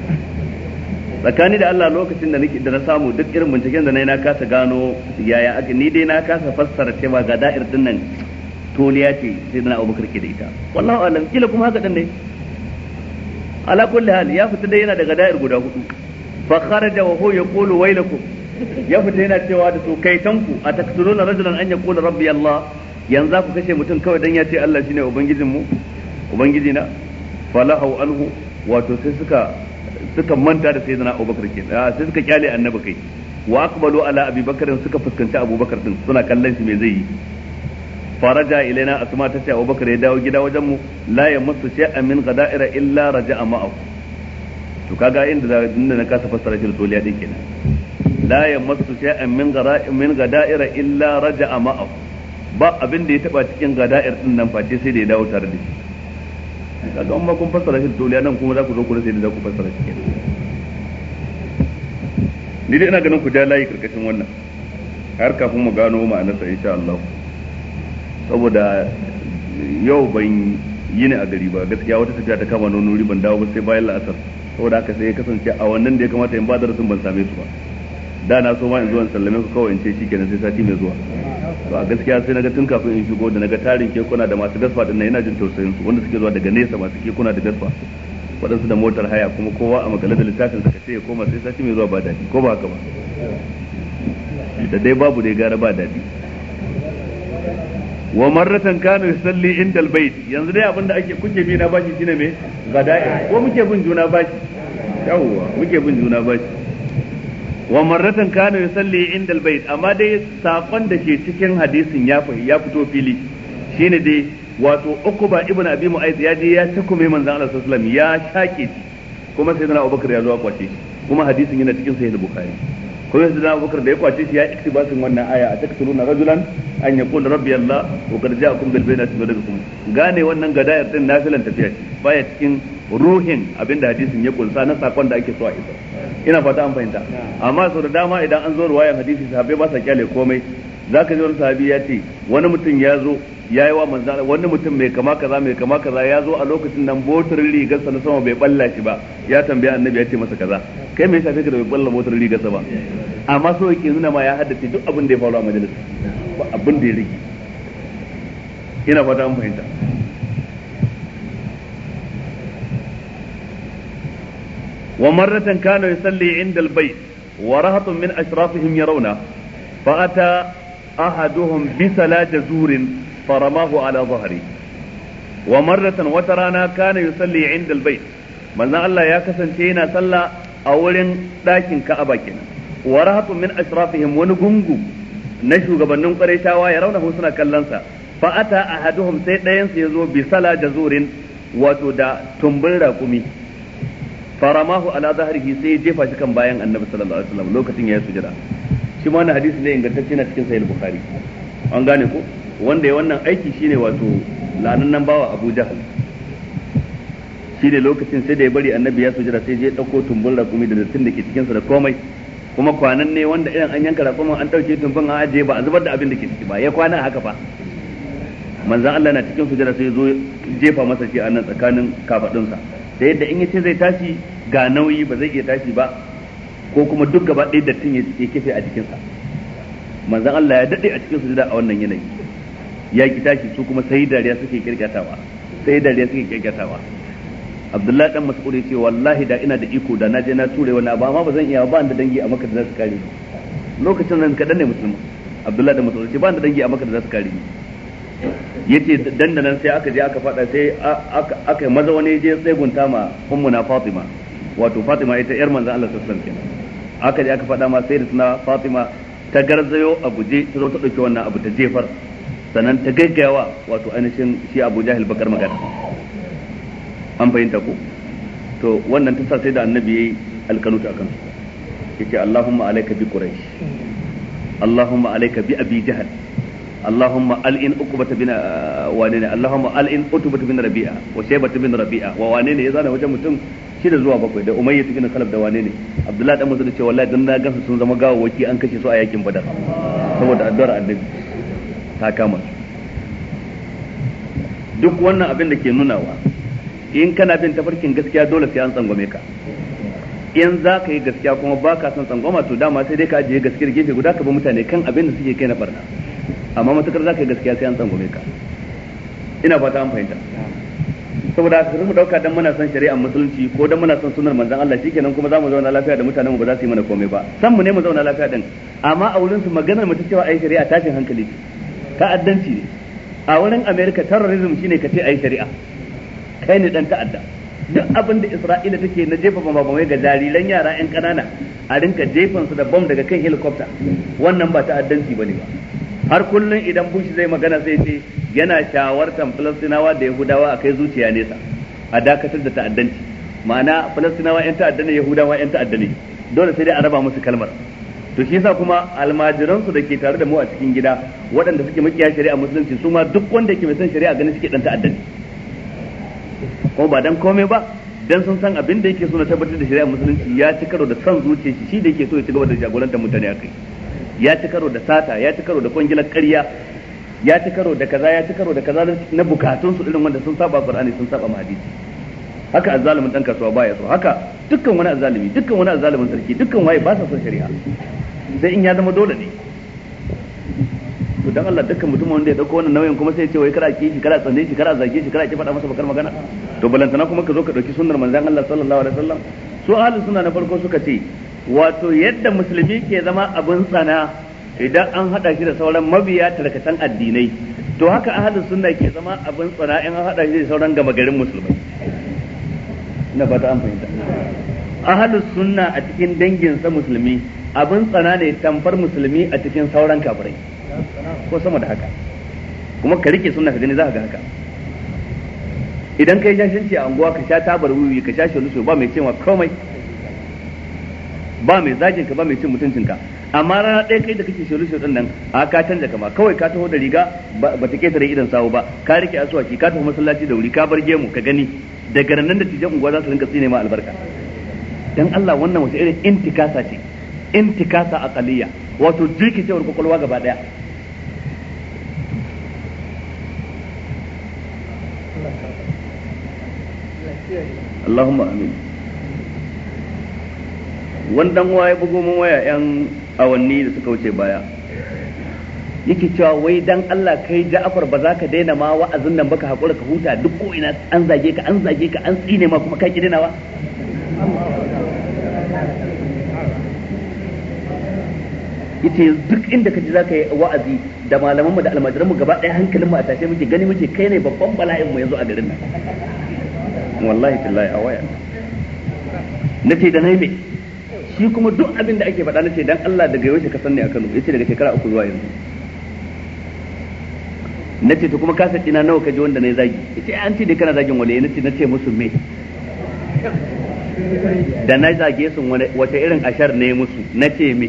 tsakani da Allah lokacin da nake da na samu duk irin binciken da nayi na kasa gano yaya aka ni dai na kasa fassara cewa ga da'ir din nan toliya ce sai na Abubakar ke da ita wallahi alam kila kuma haka din ne ala kulli hal ya fita dai yana daga da'ir guda hudu fa kharaja wa huwa yaqulu waylakum ya fita yana cewa da su kai tanku a taktuluna rajulan an kula rabbi Allah yanzu ku kashe mutum kawai dan ya ce Allah shine ubangijin mu ubangiji na hau Alhu wato sai suka suka manta da sayyidina Abubakar ke ah, sai suka kyale annabi kai wa aqbalu ala abi suka fuskanci abubakar din suna kallon shi me zai yi faraja ilaina asma ta ce abubakar ya dawo gida wajen mu la yamassu shay'an min ghada'ira illa raja'a ma'ahu to kaga inda na kasa fassara shi da soliya din kenan la yamassu shay'an min gara'in min gada'ira illa raja'a ma'ahu ba abin da ya taba cikin gada'ir din nan face sai da ya dawo tare da shi kaga amma kun fassara shi dole nan kuma za ku zo ku rasa da za ku fassara shi ni dai ina ganin ku ja layi karkashin wannan har kafin mu gano sa insha Allah saboda yau ban yi ne a gari ba gaskiya wata tafiya ta kama nono ban dawo ba sai bayan la'asar saboda haka sai ya kasance a wannan da ya kamata in ba darasin ban same su ba da na so ma in zo in sallame ku kawai in ce kenan sai sati mai zuwa to a gaskiya sai naga tun kafin in shigo da naga tarin kekuna da masu gasfa din nan yana jin tausayin su wanda suke zuwa daga nesa masu kekuna da gasfa wadansu da motar haya kuma kowa a magana da littafin suka ce ya koma sai sati mai zuwa ba daɗi ko ba haka ba da dai babu dai gara ba daɗi wa marratan kana yusalli indal bait yanzu dai abinda ake kuke bi na bashi shine me gada'i ko muke bin juna bashi yawwa muke bin juna bashi wa marratan kana yusalli inda albayt amma dai sakon da ke cikin hadisin ya ya fito fili shine dai wato ukuba ibn abi mu'ayth ya je ya takume manzon Allah sallallahu alaihi wasallam ya shake kuma sayyidina Abubakar ya zo kwace kuma hadisin yana cikin sahih bukhari ko yanzu da Abubakar da ya kwace shi ya basin wannan aya a suruna rajulan an ya kula rabbi Allah wa a ja'akum bil bayyinati da rabbikum gane wannan gadayar din nafilan tafiya ce baya cikin ruhin abinda hadisin ya kunsa na sakon da ake so a isa ina fata an fahimta amma sau da dama idan an zo ruwayan hadisi sahabbai ba sa kyale komai Za zaka ji wani sahabi ya ce wani mutum ya zo ya yi wa manzan wani mutum mai kama kaza mai kama kaza ya zo a lokacin nan botarin rigarsa na sama bai balla shi ba ya tambaya annabi ya ce masa kaza kai me yasa kake da bai balla motar rigarsa ba amma so yake nuna ma ya haddace duk abin da ya faru a majalis ba abin da ya rage ina fata an fahimta wa marratan kana yusalli inda albayt wa rahatun min ashrafihim yarawna fa ata ahaduhum bi salati zurin faramahu ala zahri wa marratan wata rana kana yusalli inda albayt manzon Allah ya kasance yana sallah a wurin dakin Ka'aba kenan wa rahatun min ashrafihim wani gungu na shugabannin ƙwarai, Qurayshawa ya rauna suna kallon sa fa ata ahaduhum sai dayan sa yazo bi sala jazurin wato da tumbin raƙumi faramahu ala zahrihi sai jefa shi kan bayan annabi sallallahu alaihi wasallam lokacin ya sujada shi ma wannan hadisi ne ingantacce na cikin sahih bukhari an gane ko wanda ya wannan aiki shine wato lanannan bawa abu jahal shi ne lokacin sai da ya bari annabi ya sujada sai je dauko tumbun rakumi da dattin da ke cikin da komai kuma kwanan ne wanda irin an yanka rakumin an dauke tumbun a ajiye ba a zubar da abin da ke ciki ba ya kwana haka fa Manzan Allah na cikin sujada sai zo jefa masa shi a nan tsakanin kafadunsa da yadda in yace zai tashi ga nauyi ba zai iya tashi ba ko kuma duk gaba ɗaya dattin ya kife a jikinsa manzan Allah ya daɗe a cikin sujada a wannan yanayi ya ki tashi su kuma sai dariya suke kirkatawa sai dariya suke kirkatawa Abdullahi dan Mas'ud ya ce wallahi da ina da iko da na je na ture wani abu amma ba zan iya ba da dangi a Makka da za su kare ni lokacin nan kadan ne musulma Abdullahi dan Mas'ud ya ce ba da dangi a Makka da za su kare ni yace dandanan sai aka je aka fada sai aka maza wani je tsegunta ma ummuna Fatima wato Fatima ita yar manzon Allah sallallahu alaihi wasallam aka je aka faɗa ma sai da suna fatima ta garzayo a guje ta zo ta ɗauki wannan abu ta jefar sannan ta gaggawa wato ainihin shi abu jahil bakar magana an fahimta ku to wannan ta sa sai da annabi yayi alkanuta akan su yake allahumma alayka bi quraish allahumma alayka bi abi jahal اللهم ألئن أقبة بن وانين اللهم ألئن أتبة بن ربيعة وشيبة بن ربيعة ووانين zana وجه mutum. shida zuwa bakwai da umayya tukin khalaf da wane ne abdullahi dan masud ce wallahi dan na gansu sun zama gawawaki an kashe su a yakin badar saboda addu'ar annabi ta kama duk wannan abin da ke nunawa in kana bin tafarkin gaskiya dole sai an tsangwame ka in za ka yi gaskiya kuma ba ka san tsangwama to dama sai dai ka ajiye gaskiyar gefe guda ka bi mutane kan abin da suke kai na barna amma matukar za ka yi gaskiya sai an tsangwame ka ina fata an fahimta saboda haka mu dauka dan muna son shari'ar musulunci ko dan muna son sunnar manzon Allah shikenan kuma zamu zauna lafiya da mutanen mu ba za su yi mana komai ba san mu ne mu zauna lafiya din amma a wurin su maganar mu ta cewa ai shari'a tashin hankali ce ta'addanci ne a wurin America terrorism shine ka ce ai shari'a kai ne dan ta'adda duk abin da Isra'ila take na jefa bambamai ga jariran yara yan kanana a rinka jefan su da bom daga kan helicopter wannan ba ta'addanci bane ba har kullun idan Bush zai magana sai ce yana shawartan filistinawa da yahudawa a kai zuciya nesa a dakatar da ta'addanci ma'ana filistinawa yan ta'adda ne yahudawa yan ta'adda ne dole sai dai a raba musu kalmar to shi yasa kuma almajiransu da ke tare da mu a cikin gida waɗanda suke makiya shari'a musulunci su ma duk wanda ke mai son shari'a ganin suke dan ta'adda ne ko ba dan komai ba dan sun san abin da yake so na tabbatar da shari'a musulunci ya ci karo da son zuciya shi da yake so ya ci gaba da jagorantar mutane a kai ya ci karo da sata ya ci karo da kwangilar ƙarya ya ci karo da kaza ya ci karo da kaza na bukatun su irin wanda sun saba Qur'ani sun saba hadisi haka azzalumin dan kasuwa baya so haka dukkan wani azzalumi dukkan wani azzalumin sarki dukkan waye ba sa son shari'a sai in ya zama dole ne to dan Allah dukkan mutum wanda ya dauko wannan nauyin kuma sai ya ce wai kada ki shi kada tsane shi kada zage shi kada ki faɗa masa bakar magana to balantana kuma ka zo ka dauki sunnar manzon Allah sallallahu alaihi wasallam su ahlus sunna na farko suka ce wato yadda musulmi ke zama abin tsana idan an hada shi da sauran mabiya tarkatan addinai to haka ahlus sunna ke zama abin tsana in an hada shi da sauran gama garin musulmai ina ba ta an fahimta ahlus sunna a cikin dangin sa musulmi abin tsana ne tamfar musulmi a cikin sauran kafirai ko sama da haka kuma ka rike sunna ka gani za ka ga haka idan kai shashinci a unguwa ka sha tabar wuyi ka sha shi ba mai cewa komai ba mai zagin ka ba mai cin mutuncin ka amma rana ɗaya kai da kake shiru shiru din nan a ka canza kama kawai ka taho da riga ba ta ketare idan sawo ba ka rike asuwaki ka taho masallaci da wuri ka bar gemu ka gani daga nan da tijan unguwa za su rinka tsine ma albarka dan Allah wannan wata irin intikasa ce intikasa aqaliyya wato jirkicewar kwakwalwa gaba daya اللهم امين wani dan waya bugo mun waya yan awanni da suka wuce baya yake cewa wai dan Allah kai Ja'far ba za ka daina ma wa'azin nan baka hakura ka huta duk ko ina an zage ka an zage ka an tsine ma kuma ka ki dainawa yace duk inda ka ji za ka yi wa'azi da malaman mu da almajiran mu gaba ɗaya hankalin mu a tashe muke gani muke kai ne babban bala'in mu yanzu a garin nan wallahi billahi a waya nace da nayi me shi kuma duk abin da ake faɗa na ce dan Allah daga yaushe ka san ne a Kano ce daga shekara uku zuwa yanzu na ce to kuma kasar ina nawa kaje wanda nayi zagi ya ce eh, an ce dai kana zagin wani wale nace ce musu me da na zage sun wata irin ashar ne musu na nace me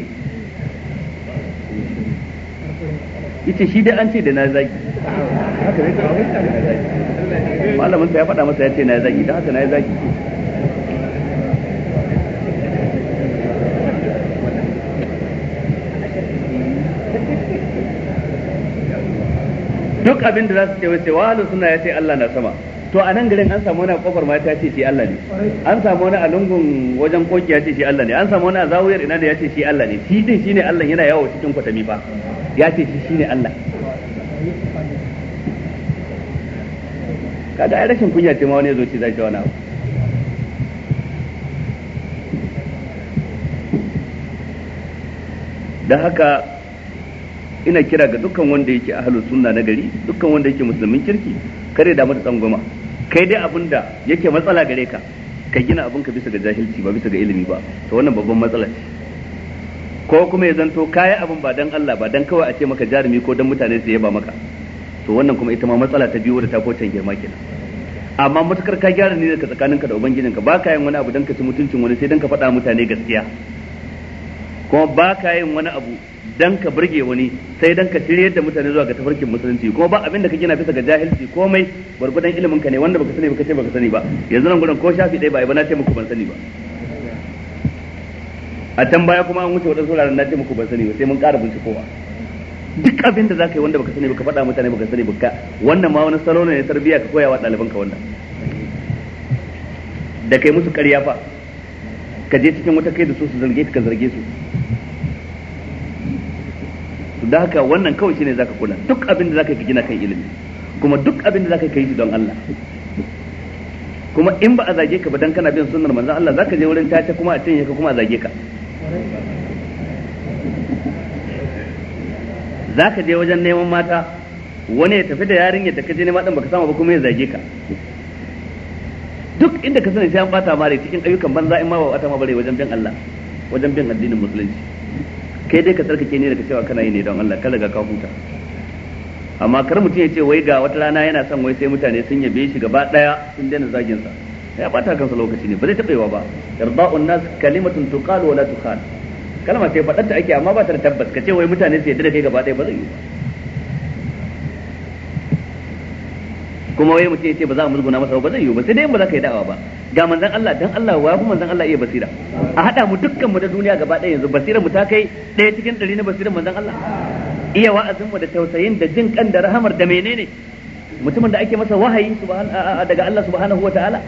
ce shi dai an ce da na zagi malamin sa ya faɗa masa ya ce na zagi don haka na zagi duk abin da za su ce wa ce wahalu suna ya ce Allah na sama to a nan garin an samu wani a kofar ma ta ce shi Allah ne an samu wani a lungun wajen koki ya ce shi Allah ne an samu wani a zawuyar ina da ya ce shi Allah ne shi din shine Allah yana yawo cikin kwatami fa ya ce shi shine Allah kaga ai rashin kunya ce ma wani zo ci zai ce wani abu da haka ina kira ga dukkan wanda yake ahlus sunna na gari dukkan wanda yake musulmin kirki kare da mata tsangwama kai dai abin da yake matsala gare ka ka gina abin ka bisa ga jahilci ba bisa ga ilimi ba to wannan babban matsala ce ko kuma ya zanto kayan abin ba dan Allah ba dan kawai a ce maka jarumi ko dan mutane su yaba maka to wannan kuma ita ma matsala ta biyu da ta kocin girma kenan amma matukar ka gyara ne ka tsakaninka da ubangijin ba baka yin wani abu dan ka ci mutuncin wani sai dan ka faɗa mutane gaskiya kuma ba yin wani abu dan ka burge wani sai dan ka cire da mutane zuwa ga tafarkin musulunci kuma ba abin da kake na bisa ga jahilci komai gurgudan ilimin ka ne wanda baka sani baka ce baka sani ba yanzu nan gurin ko shafi ɗaya ba ai ba na ce muku ban sani ba a can baya kuma an wuce wadan sauraron na ce muku ban sani ba sai mun ƙara bincikowa duk abin da zaka yi wanda baka sani baka faɗa mutane baka sani baka wannan ma wani salo ne tarbiyya ka koya wa ɗaliban ka wannan da kai musu ƙarya fa ka je cikin wata kai da su su zarge ka zarge su da haka wannan kawai shine zaka kula duk abin da zaka gina kan ilimi kuma duk abin da zaka kai shi don Allah kuma in ba a zage ka ba dan kana bin sunnar manzon Allah zaka je wurin tace kuma a tinye ka kuma a zage ka zaka je wajen neman mata wani ya tafi da yarinya da kaje neman dan baka samu ba kuma ya zage ka duk inda ka sani sai an bata mare cikin ayyukan banza in ma ba wata ma bare wajen bin Allah wajen bin addinin musulunci kai dai ka tsarkake ne daga cewa kana yi ne don Allah ka riga ka huta amma kar mutum ya ce wai ga wata rana yana son wai sai mutane sun yabe shi gaba daya sun daina zagin sa ya bata kansa lokaci ne ba zai yawa ba irda'un nas kalimatun tuqalu wala tuqal kalma sai fadar ta ake amma ba ta da tabbas ka ce wai mutane su yadda da kai gaba daya ba zai yi ba kuma wai mutum ce ba za a musguna masa ba zai yiwu ba sai dai ba za ka yi da'awa ba ga manzon Allah dan Allah wa kuma manzon Allah iya basira a hada mu dukkan mu da duniya gaba ɗaya yanzu basirar mu ta kai ɗaya cikin ɗari na basirar manzon Allah iya wa'azin mu da tausayin da jin kan da rahamar da menene mutumin da ake masa wahayi daga Allah subhanahu wataala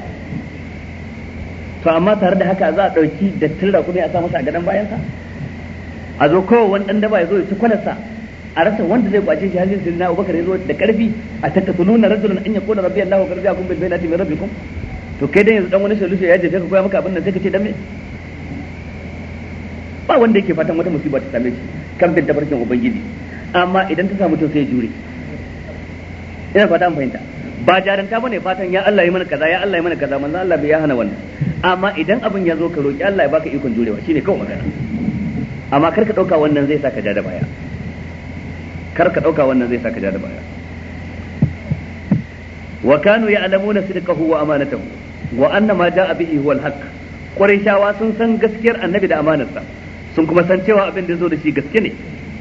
to amma tare da haka za a ɗauki dattin rakumi a sa masa a gadan bayansa a zo kowa wani dan daba ya zo ya ci kwalarsa a rasa wanda zai kwace shi hajjin na Abubakar zo da karfi a takasuluna rajulun an yaqula rabbi Allahu qad ja'akum bil bayinati min rabbikum to kai dan yanzu dan wani solution ya je ka koya maka abin nan sai ka ce dan me ba wanda yake fatan wata musiba ta same shi kan bin tabarkin ubangiji amma idan ta samu to sai jure ina fata an fahimta ba jaranta bane fatan ya Allah ya mana kaza ya Allah ya mana kaza manzo Allah bai ya hana wannan amma idan abin ya zo ka roki Allah ya baka ikon jurewa shine kawai magana amma kar ka dauka wannan zai saka ja da baya kar ka ɗauka wannan zai saka ja da baya wa kanu ya'lamuna sidqahu wa amanatahu wa anna ma ja'a bihi huwa al-haq qurayshawa sun san gaskiyar annabi da amanarsa sun kuma san cewa abin da zo da shi gaske ne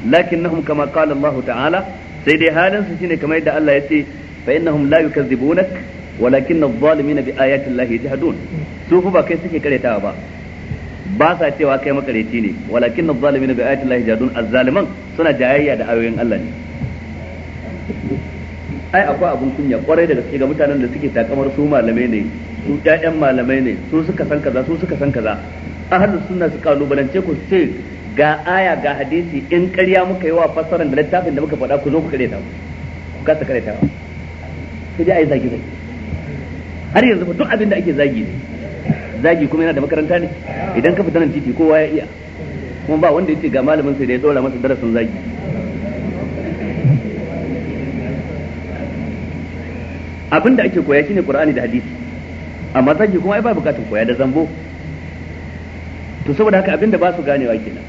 lakinnahum kama qala Allah ta'ala sai dai halin su shine kamar yadda Allah ya ce fa innahum la yukazzibunak walakin adh-dhalimina bi ayati Allah yajhadun su fa ba kai suke karetawa ba ba sa cewa kai makareci ne walakin na zalimin bi ayatin lahi jadun azzaliman suna jayayya da ayoyin Allah ne ai akwai abun kunya kwarai da gaske ga mutanen da suke takamar su malamai ne su ƴaƴan malamai ne su suka san kaza su suka san kaza ahlus sunna su kalubalance ku ce ga aya ga hadisi in ƙarya muka yi wa fassara da littafin da muka faɗa ku zo ku kare ta ku kasa kare ta ku je ai zagi zagi har yanzu duk abin da ake zagi ne zagi kuma yana da makaranta ne idan ka fita nan titi kowa ya iya kuma ba wanda yace ga malamin sai da ya dora masa darasin zagi abin da ake koya shine qur'ani da hadisi amma zagi kuma ai ba bukatun koya da zambo to saboda haka abin da ba su ganewa kenan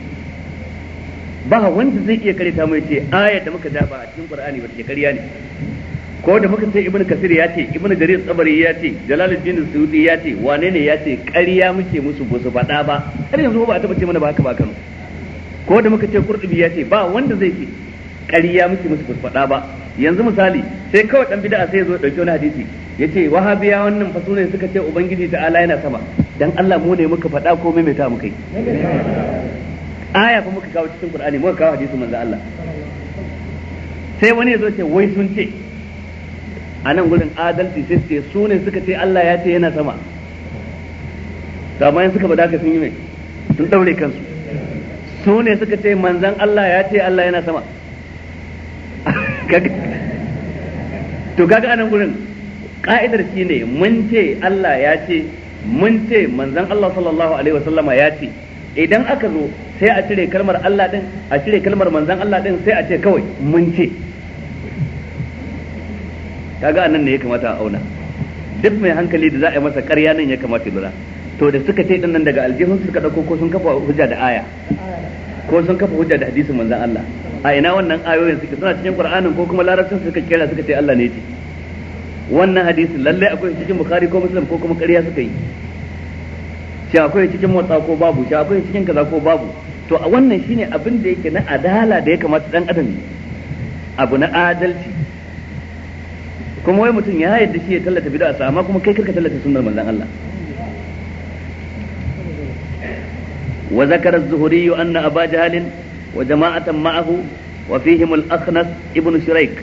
ba wanda zai iya karanta mai ce aya da muka daba a cikin qur'ani ba ta karya ne ko da muka sai ibnu kasir ya ce ibnu jarir tsabari ya ce jalaluddin suyuti ya ce wane ne ya ce ƙarya muke musu ba su faɗa ba har yanzu ba a tabbace ce mana ba haka ba kano ko da muka ce qurtubi ya ce ba wanda zai ce ƙarya muke musu ba su faɗa ba yanzu misali sai kawai dan bid'a sai ya zo dauke wani hadisi Ya ce wahabiya wannan fasu ne suka ce ubangiji ta'ala yana sama dan Allah mu ne muka faɗa ko mai ta muka yi aya fa muka kawo cikin qur'ani muka kawo hadisin manzo Allah sai wani ya zo ce wai sun ce a nan gurin adalci sai ce su ne suka ce Allah ya ce yana sama da suka ba ka sun yi mai sun daure kansu su ne suka ce manzan Allah ya ce Allah yana sama to kaga nan gurin ka'idar shi ne mun ce Allah ya ce mun ce manzan Allah sallallahu alaihi wasallama ya ce idan aka zo sai a cire kalmar Allah din a cire kalmar manzan Allah din sai a ce kawai mun ce kaga anan ne ya kamata a auna duk mai hankali da za a yi masa ƙarya nan ya kamata lura to da suka ce dinnan daga aljihun suka dauko ko sun kafa hujja da aya ko sun kafa hujja da hadisin manzon Allah a ina wannan ayoyin suke suna cikin Qur'anin ko kuma larabcin suka kira suka ce Allah ne ce wannan hadisin lalle akwai cikin Bukhari ko Muslim ko kuma ƙarya suka yi shi akwai cikin motsa ko babu shi akwai cikin kaza ko babu to a wannan shine abin da yake na adala da ya kamata dan adam abu na adalci kuma wai mutum ya yarda shi ya tallata bid'a sa amma kuma kai karka tallata sunnar manzon Allah wa zakara az-zuhri anna aba jahl wa jama'atan ma'ahu wa fihim al-akhnas ibn shuraik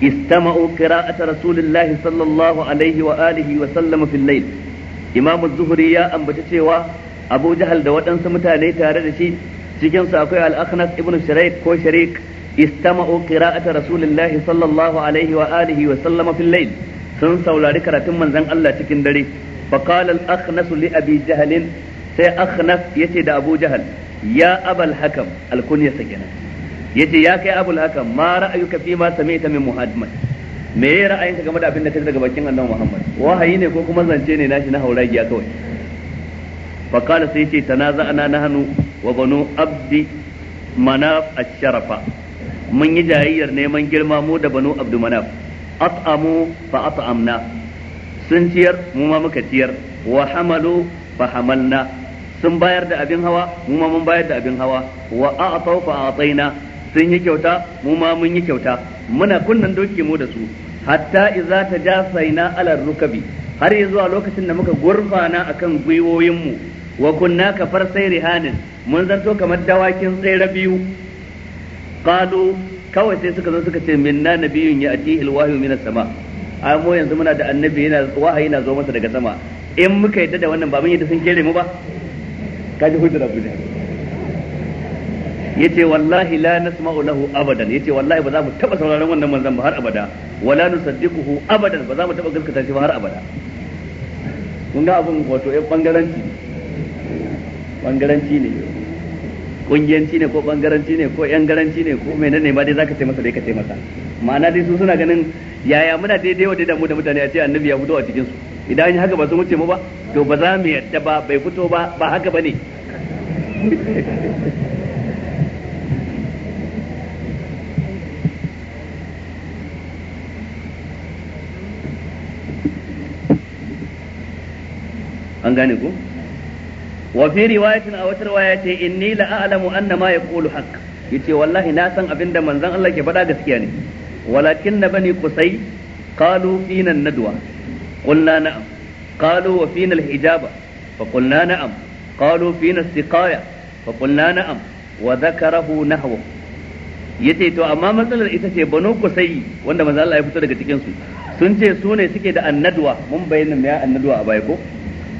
istama'u qira'at rasulillah sallallahu alayhi wa alihi wa sallam fi al-layl ya ambata cewa abu jahl da waɗansu mutane tare da shi cikin su akwai al-akhnas ibn shariq ko shariq istama'u qira'ata rasulillahi sallallahu alaihi wa alihi wa sallama fil layl sun saurari karatun manzon Allah cikin dare fa qala al-akhnas li abi jahl sai akhnas yace da abu jahl ya abal hakam al-kunya sakina yace ya kai abul hakam ma ra'ayuka fi ma sami'ta min muhammad me ra'ayinka game da abin da ka daga bakin annabi muhammad wahayi ne ko kuma zance ne nashi na hauragiya kawai فقال سيتي تنازعنا نحن وبنو عبد مناف الشرفة من يجاير نيمان جلما مو da banu abdu manaf at'amu fa at'amna sun ciyar mu muka ciyar wa hamalu fa sun bayar da abin hawa mu ma mun bayar da abin hawa wa a'tau fa ataina sun yi kyauta mu ma mun yi kyauta muna kunnan doki mu da su hatta idza tajasaina ala rukabi har zuwa lokacin da muka gurfana akan gwiwoyin mu wa kunna kafar sai rihanin mun zanto kamar dawakin tsere biyu qalu kawai sai suka zo suka ce minna nabiyun ya atihi alwahyu minas sama ai mu yanzu muna da annabi yana wahayi yana zo masa daga sama in muka yadda da wannan ba mun yadda sun kere mu ba kaji hujjar abuja yace wallahi la nasma'u lahu abadan yace wallahi ba za mu taba sauraron wannan manzon ba har abada wala nusaddiquhu abadan ba za mu taba gaskata shi ba har abada kun ga abun wato ɗan bangaranci bangaranci ne kungiyanci ne ko bangaranci ne ko yan garanci ne ko ne ma dai zaka ce masa dai ka ce masa ma'ana dai su suna ganin yaya muna daidai wa daidai mu da mutane a ce annabi ya fito a cikin su idan yi haka ba su wuce mu ba to ba za mu yadda ba bai fito ba ba haka ba ne an gane ku wa fi riwayatin a wata riwaya ce inni la a'lamu anna ma yaqulu haqq yace wallahi na san da manzon Allah ke faɗa gaskiya ne walakin na bani qusay qalu fina nadwa qulna na'am qalu wa fina hijaba fa qulna na'am qalu fina as-siqaya fa qulna na'am wa dhakarahu yace to amma matsalar ita ce banu qusay wanda manzon Allah ya fito daga cikin su sun ce su ne suke da annadwa mun bayyana me annadwa a baya ko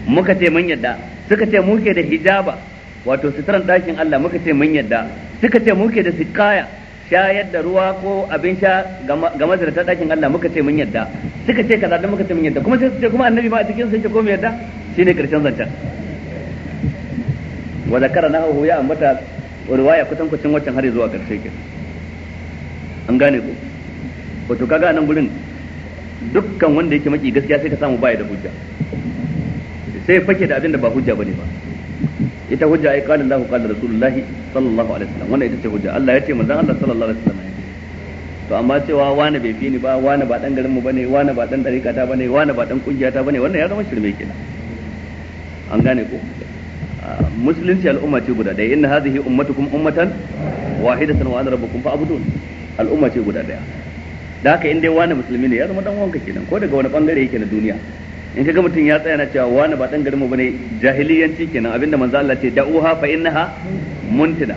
muka ce mun yadda suka ce muke da hijaba wato sitaran ɗakin Allah muka ce mun yadda suka ce muke da sikaya shayar da ruwa ko abin sha ga mazarta ɗakin Allah muka ce mun yadda suka ce kaza da muka ce mun yadda kuma sai su ce kuma annabi ba a cikin sun ce ko mun yadda shine karshen zancen wa zakara na hu ya ambata riwaya kusan kucin wancan har zuwa karshe ke an gane ku wato kaga nan gurin dukkan wanda yake maki gaskiya sai ka samu baya da hujja sai fake da abin da ba hujja bane ba ita hujja ai qala Allahu qala Rasulullahi sallallahu alaihi wasallam wannan ita ce hujja Allah ya ce manzon Allah sallallahu alaihi wasallam to amma cewa wani bai fi ni ba wani ba dan garin mu bane wani ba dan dariƙa ta bane wani ba dan kungiya ta bane wannan ya zama shirme kenan an gane ko musulunci al'umma ce guda ɗaya inna hadhihi ummatukum ummatan wahidatan wa ana rabbukum abudun al'umma ce guda ɗaya da haka in dai wani musulmi ne ya zama dan wanka kenan ko daga wani bangare yake na duniya in kaga mutum ya tsaya na cewa wani ba dan garin mu bane jahiliyanci kenan abinda manzo Allah ce da'uha fa innaha muntina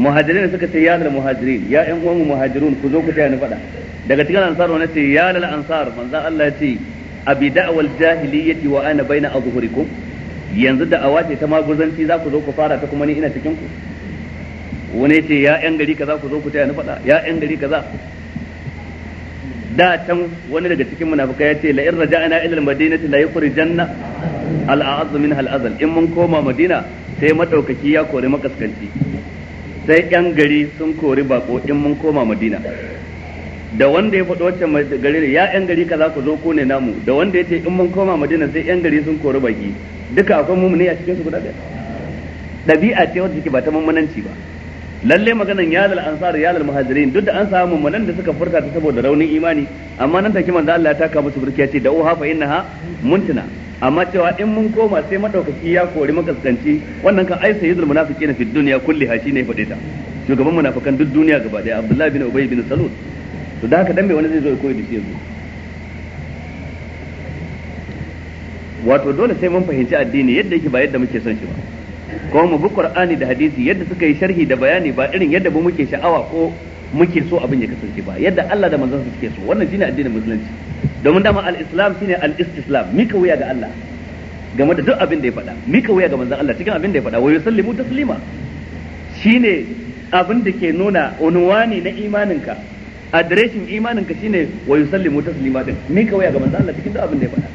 muhajirin suka ce ya lal muhajirin ya ƴan uwan muhajirun ku zo ku taya ni faɗa daga cikin ansar wani ce ya lal ansar manzo Allah ya ce abi da'wal jahiliyyati wa ana baina azhurikum yanzu da awace ta maguzanci za ku zo ku fara ta kuma ni ina cikin ku wani ce ya ƴan gari kaza ku zo ku taya ni faɗa ya ƴan gari kaza da can wani daga cikin munafika ya ce la in raja'na ila al-madinati la yukhrijanna al-a'azzu minha al-azal in mun koma madina sai madaukaki ya kore makaskanci sai yan gari sun kori bako in mun koma madina da wanda ya faɗi waccan gari ne ya yan gari kaza ku zo ku ne namu da wanda ya ce in mun koma madina sai yan gari sun kori baki duka akwai ne a cikin su guda ɗaya ɗabi'a ce wacce ke ba ta mummunanci ba lalle maganan ya lal ansar ya lal muhajirin duk da an samu mu'minan da suka furta ta saboda raunin imani amma nan take manzo Allah ya taka musu ce da uha fa innaha muntana amma cewa in mun koma sai madaukaki ya kori makaskanci wannan kan ai sayyidul munafiqina fid dunya ha shine fade ta shugaban munafikan duk duniya gaba daya abdullahi bin ubay bin salul to da haka dan me wani zai zo ya koyi da shi yanzu wato dole sai mun fahimci addini yadda yake ba yadda muke son shi ba kuma mu bi qur'ani da hadisi yadda suka yi sharhi da bayani ba irin yadda ba muke sha'awa ko muke so abin ya kasance ba yadda Allah da manzon suke so wannan shine addinin musulunci domin dama al-islam shine al-istislam mika wuya ga Allah game da duk abin da ya faɗa mika wuya ga manzon Allah cikin abin da ya faɗa wa yusallimu taslima shine abin da ke nuna unwani na imaninka adireshin imaninka shine wa yusallimu taslima din mika wuya ga manzon Allah cikin duk abin da ya faɗa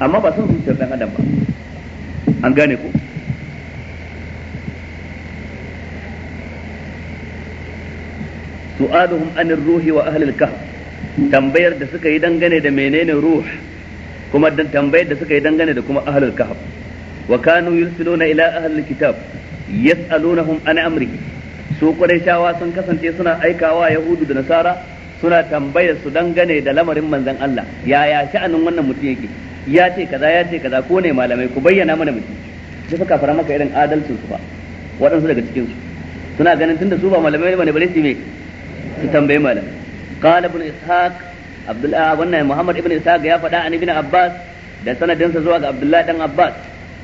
amma ba son zuciyar dan adam ba an gane ku su'aluhum anir ruhi wa al kahf tambayar da suka yi dangane da menene ruh kuma tambayar da suka yi dangane da kuma al kahf wa kanu yusiluna ila al kitab yas'alunahum an amrihi su quraishawa sun kasance suna aikawa yahudu da nasara suna tambayar su dangane da lamarin manzon Allah yaya sha'anin wannan mutum yake ya ce kaza ya ce kaza ko ne malamai ku bayyana mana mutum da suka fara maka irin adalcin su ba, waɗansu daga cikin su suna ganin tunda su ba malamai bane bare su me su tambaye malam qala ibn ishaq abdullah wannan muhammad ibn ishaq ya faɗa an ibn abbas da sanadinsa zuwa ga abdullah dan abbas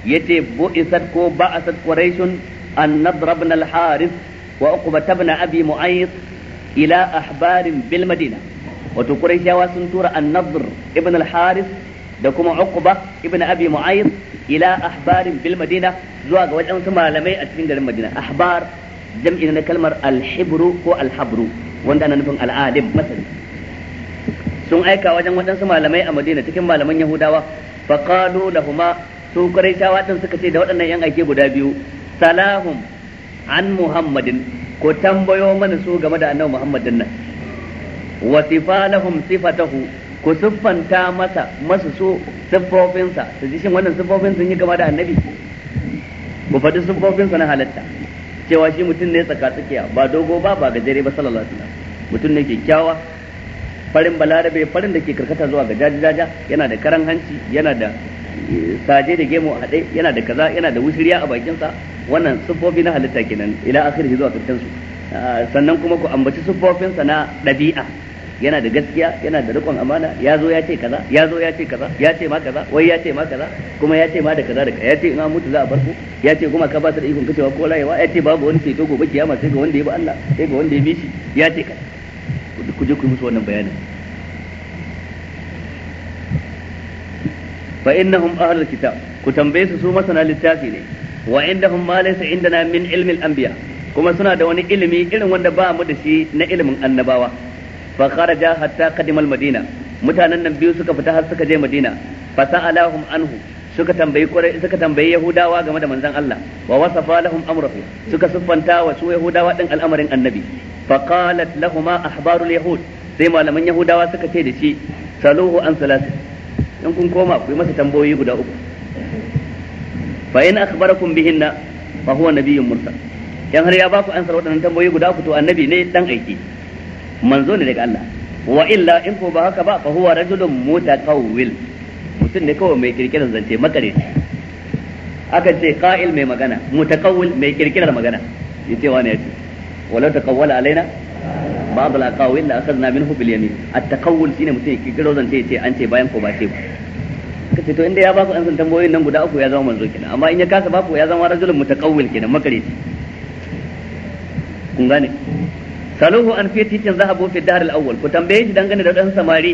yace isad ko asad quraishun an nadrabna al-harith wa uqba ibn abi mu'ayth ila ahbarin bil madina wato quraishawa sun tura an nadr ibn al-harith da kuma uqba ibn abi mu'ayth ila ahbarin bil madina zuwa ga wajen malamai a cikin garin madina ahbar jam'i na kalmar al-hibru ko al-habru wanda ana nufin al'adib masani sun aika wajen waɗansu malamai a madina cikin malaman yahudawa fa lahuma su quraishawa din suka ce da waɗannan yan aike guda biyu salahum an muhammadin ko tambayo mana su game da annabi muhammadin nan wa sifalahum sifatahu ku siffanta masa masu so siffofinsa su ji shin wannan siffofin sun yi gama da annabi ku faɗi siffofinsa na halatta cewa shi mutum ne tsaka tsakiya ba dogo ba ba gajere ba sallallahu alaihi wasallam mutum ne kyakkyawa farin balarabe farin da ke karkata zuwa ga jajajaja yana da karan hanci yana da eh, saje da gemu a haɗe yana da kaza yana da wushiriya a bakinsa wannan sufofi na halitta kenan ila akhirhi zuwa karshen su ah, sannan kuma ku ambaci sa na ɗabi'a yana da gaskiya yana da rikon amana ya zo ya ce kaza ya zo ya ce kaza ya ce ma kaza wai ya ce ma kaza kuma ya ce ma da kaza da ya ce in an mutu za a barku ya ce kuma ka ba su da ikon kacewa ko layewa ya ce babu wani ceto gobe kiyama sai ga wanda ya bi Allah sai ga wanda ya bi shi ya ce kaza ku je ku yi musu wannan bayanin fa innahum ahlul kitab ku tambaye su su masana littafi ne wa indahum ma laysa indana min ilmi al-anbiya kuma suna da wani ilimi irin wanda ba mu da shi na ilimin annabawa fa kharaja hatta qadima al mutanen nan biyu suka fita har suka je madina fa sa'alahum anhu suka tambayi suka tambayi yahudawa game da manzon Allah wa wasafa lahum amrahu suka siffanta wa su yahudawa din al'amarin annabi fa qalat lahumma ahbarul yahud sai malaman yahudawa suka ce da shi saluhu an salati in kun koma ku masa tambayoyi guda uku fa in akhbarakum bihinna fa huwa nabiyyun mursal yan har ya ba ku ansar waɗannan tambayoyi guda uku to annabi ne dan aiki manzo ne daga Allah wa illa in ko ba haka ba fa huwa rajulun mutaqawwil mutum ne kawai mai kirkirar zance makare aka ce qa'il mai magana mutaqawwil mai kirkirar magana yace wani yace walau taqawwala alaina ba'd al-aqawil la akhadna minhu bil yamin at-taqawwul shine mutum ya kirkiro zance yace an ce bayan ko ba ce kace to inda ya ba ku an san tambayoyin nan guda uku ya zama manzo kenan amma in ya kasa ba ku ya zama rajulun mutaqawwil kenan makare kun gane saluhu an titin zahabu fi dar al-awwal ku tambaye shi dangane da dan samari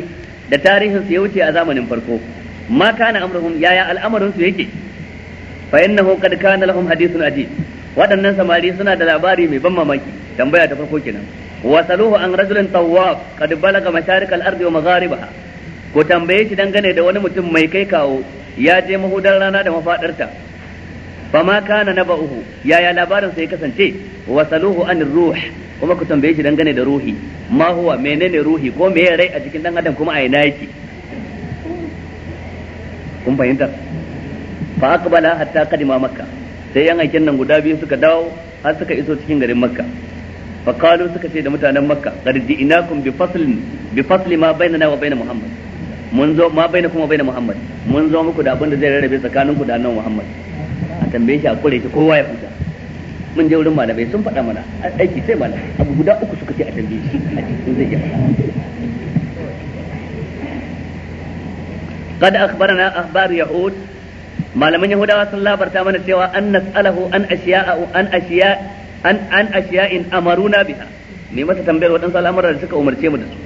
da tarihin su ya wuce a zamanin farko ma kana amruhum yaya al'amarin su yake fa innahu qad kana lahum hadithun ajib waɗannan samari suna da labari mai ban mamaki tambaya ta farko kenan wa saluhu an rajulin tawwaf qad balaga masharik al-ardi wa magharibaha Ku tambaye shi dangane da wani mutum mai kai kawo ya je mahudan rana da mafadarta fa ma kana naba'uhu yaya labarin sai kasance wasaluhu an ruh kuma ku tambaye shi dangane da ruhi ma huwa menene ruhi ko me yare a cikin dan adam kuma a ina yake kun fahimta fa aqbala hatta qadima makka sai yan aikin nan guda biyu suka dawo har suka iso cikin garin makka fa qalu suka ce da mutanen makka qad ji'nakum bi faslin bi fasli ma bainana wa bain muhammad mun zo ma bainakum wa bain muhammad mun zo muku da abin da zai rarrabe tsakaninku da annabi muhammad a tambaye shi a kure shi kowa ya huta mun je wurin malamai sun faɗa mana aiki sai mana abu guda uku suka ce a tambaye shi a cikin zai قد يهود malaman yahudawa sun labarta mana cewa an nas'alahu an ashiya'a an ashiya an an ashiya'in amaruna biha me masa tambayar wadansu al'amuran da suka umarce mu da su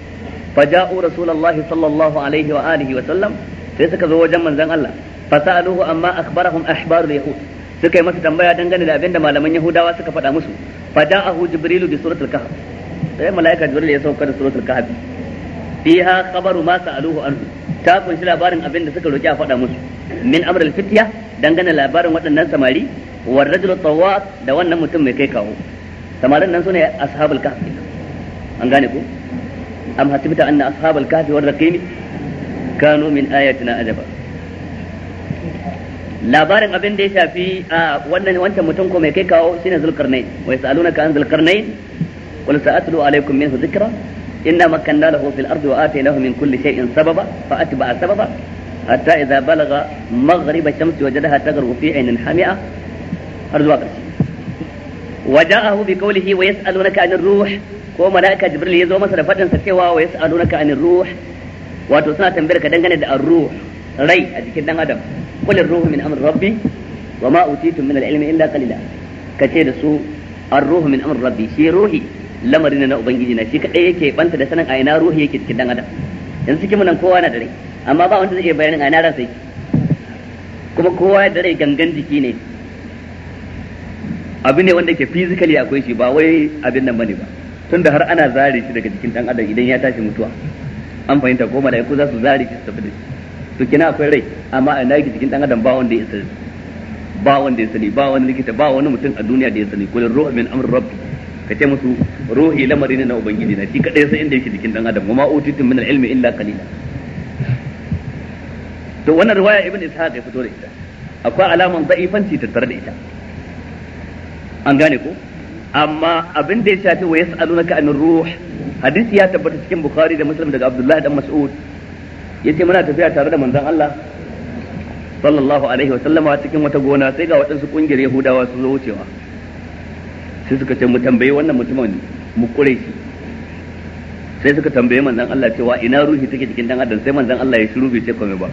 faja'u rasulullahi sallallahu alaihi wa alihi wa sallam sai suka zo wajen manzon Allah fa sa'aluhu amma akhbarahum ahbarul yahud suka yi masa tambaya dangane da abin da malaman yahudawa suka faɗa musu fa da'ahu jibrilu bi suratul kahf sai malaika jibril ya sauka da suratul kahf fiha khabaru ma sa'aluhu anhu ta kunshi labarin abin da suka roki a faɗa musu min amrul fitya dangane labarin waɗannan samari war rajul tawwa da wannan mutum mai kai kawo samarin nan sune ashabul kahf an gane ko am hasibta anna ashabul kahf war raqimi kanu min ayatina adaba labarin abin da ya shafi a wannan wancan mutum ko mai kai kawo shine zulkarnain wa yasalunaka an zulkarnain qul sa'atlu alaykum minhu dhikra inna makanna lahu fil ardi wa atainahu min kulli shay'in sababa fa atba'a sababa hatta idza balagha maghriba shamsi wajadaha tagru fi 'aynin hami'a har wa ƙarshe وجاءه بقوله ويسألونك عن الروح ko mala'ika jibril ya zo masa da fadin sa cewa wa yas'alunaka anir ruh wato suna tambayar ka dangane da ar-ruh rai a jikin dan adam qul ruhu min amr rabbi wa ma utitu min al-ilmi illa qalila kace da su ar-ruhu min amr rabbi shi ruhi lamarin na ubangiji na shi kadai yake banta da sanin a ina ruhi yake cikin dan adam yanzu cikin nan kowa na da rai amma ba wanda zai iya bayanin a ina ransa kuma kowa da rai gangan jiki ne abu ne wanda ke physically akwai shi ba wai abin nan bane ba tunda har ana zare shi daga jikin dan adam idan ya tashi mutuwa an fahimta ko ku za su zari shi su tafi da to kina akwai rai amma a naki cikin dan adam ba wanda ya sani ba wanda ya sani ba wani likita ba wani mutum a duniya da ya sani kullu ruhu min amr rabb ka ce musu ruhi lamarin ne na ubangiji na shi kadai sai inda yake cikin dan adam kuma utitun min al-ilmi illa qalila to wannan riwaya ibn ishaq ya fito da ita akwai alaman da'ifanci tattare da ita an gane ko amma abin da ya shafi wa yas'alunaka an ruh hadisi ya tabbata cikin bukhari da muslim daga abdullahi dan mas'ud yace muna tafiya tare da manzon Allah sallallahu alaihi wa sallama cikin wata gona sai ga waɗansu kungiyar yahudawa su zo wucewa sai suka ce mu tambaye wannan mutumin mu kure shi sai suka tambaye manzon Allah cewa ina ruhi take cikin dan adam sai manzon Allah ya shiru bai ce komai ba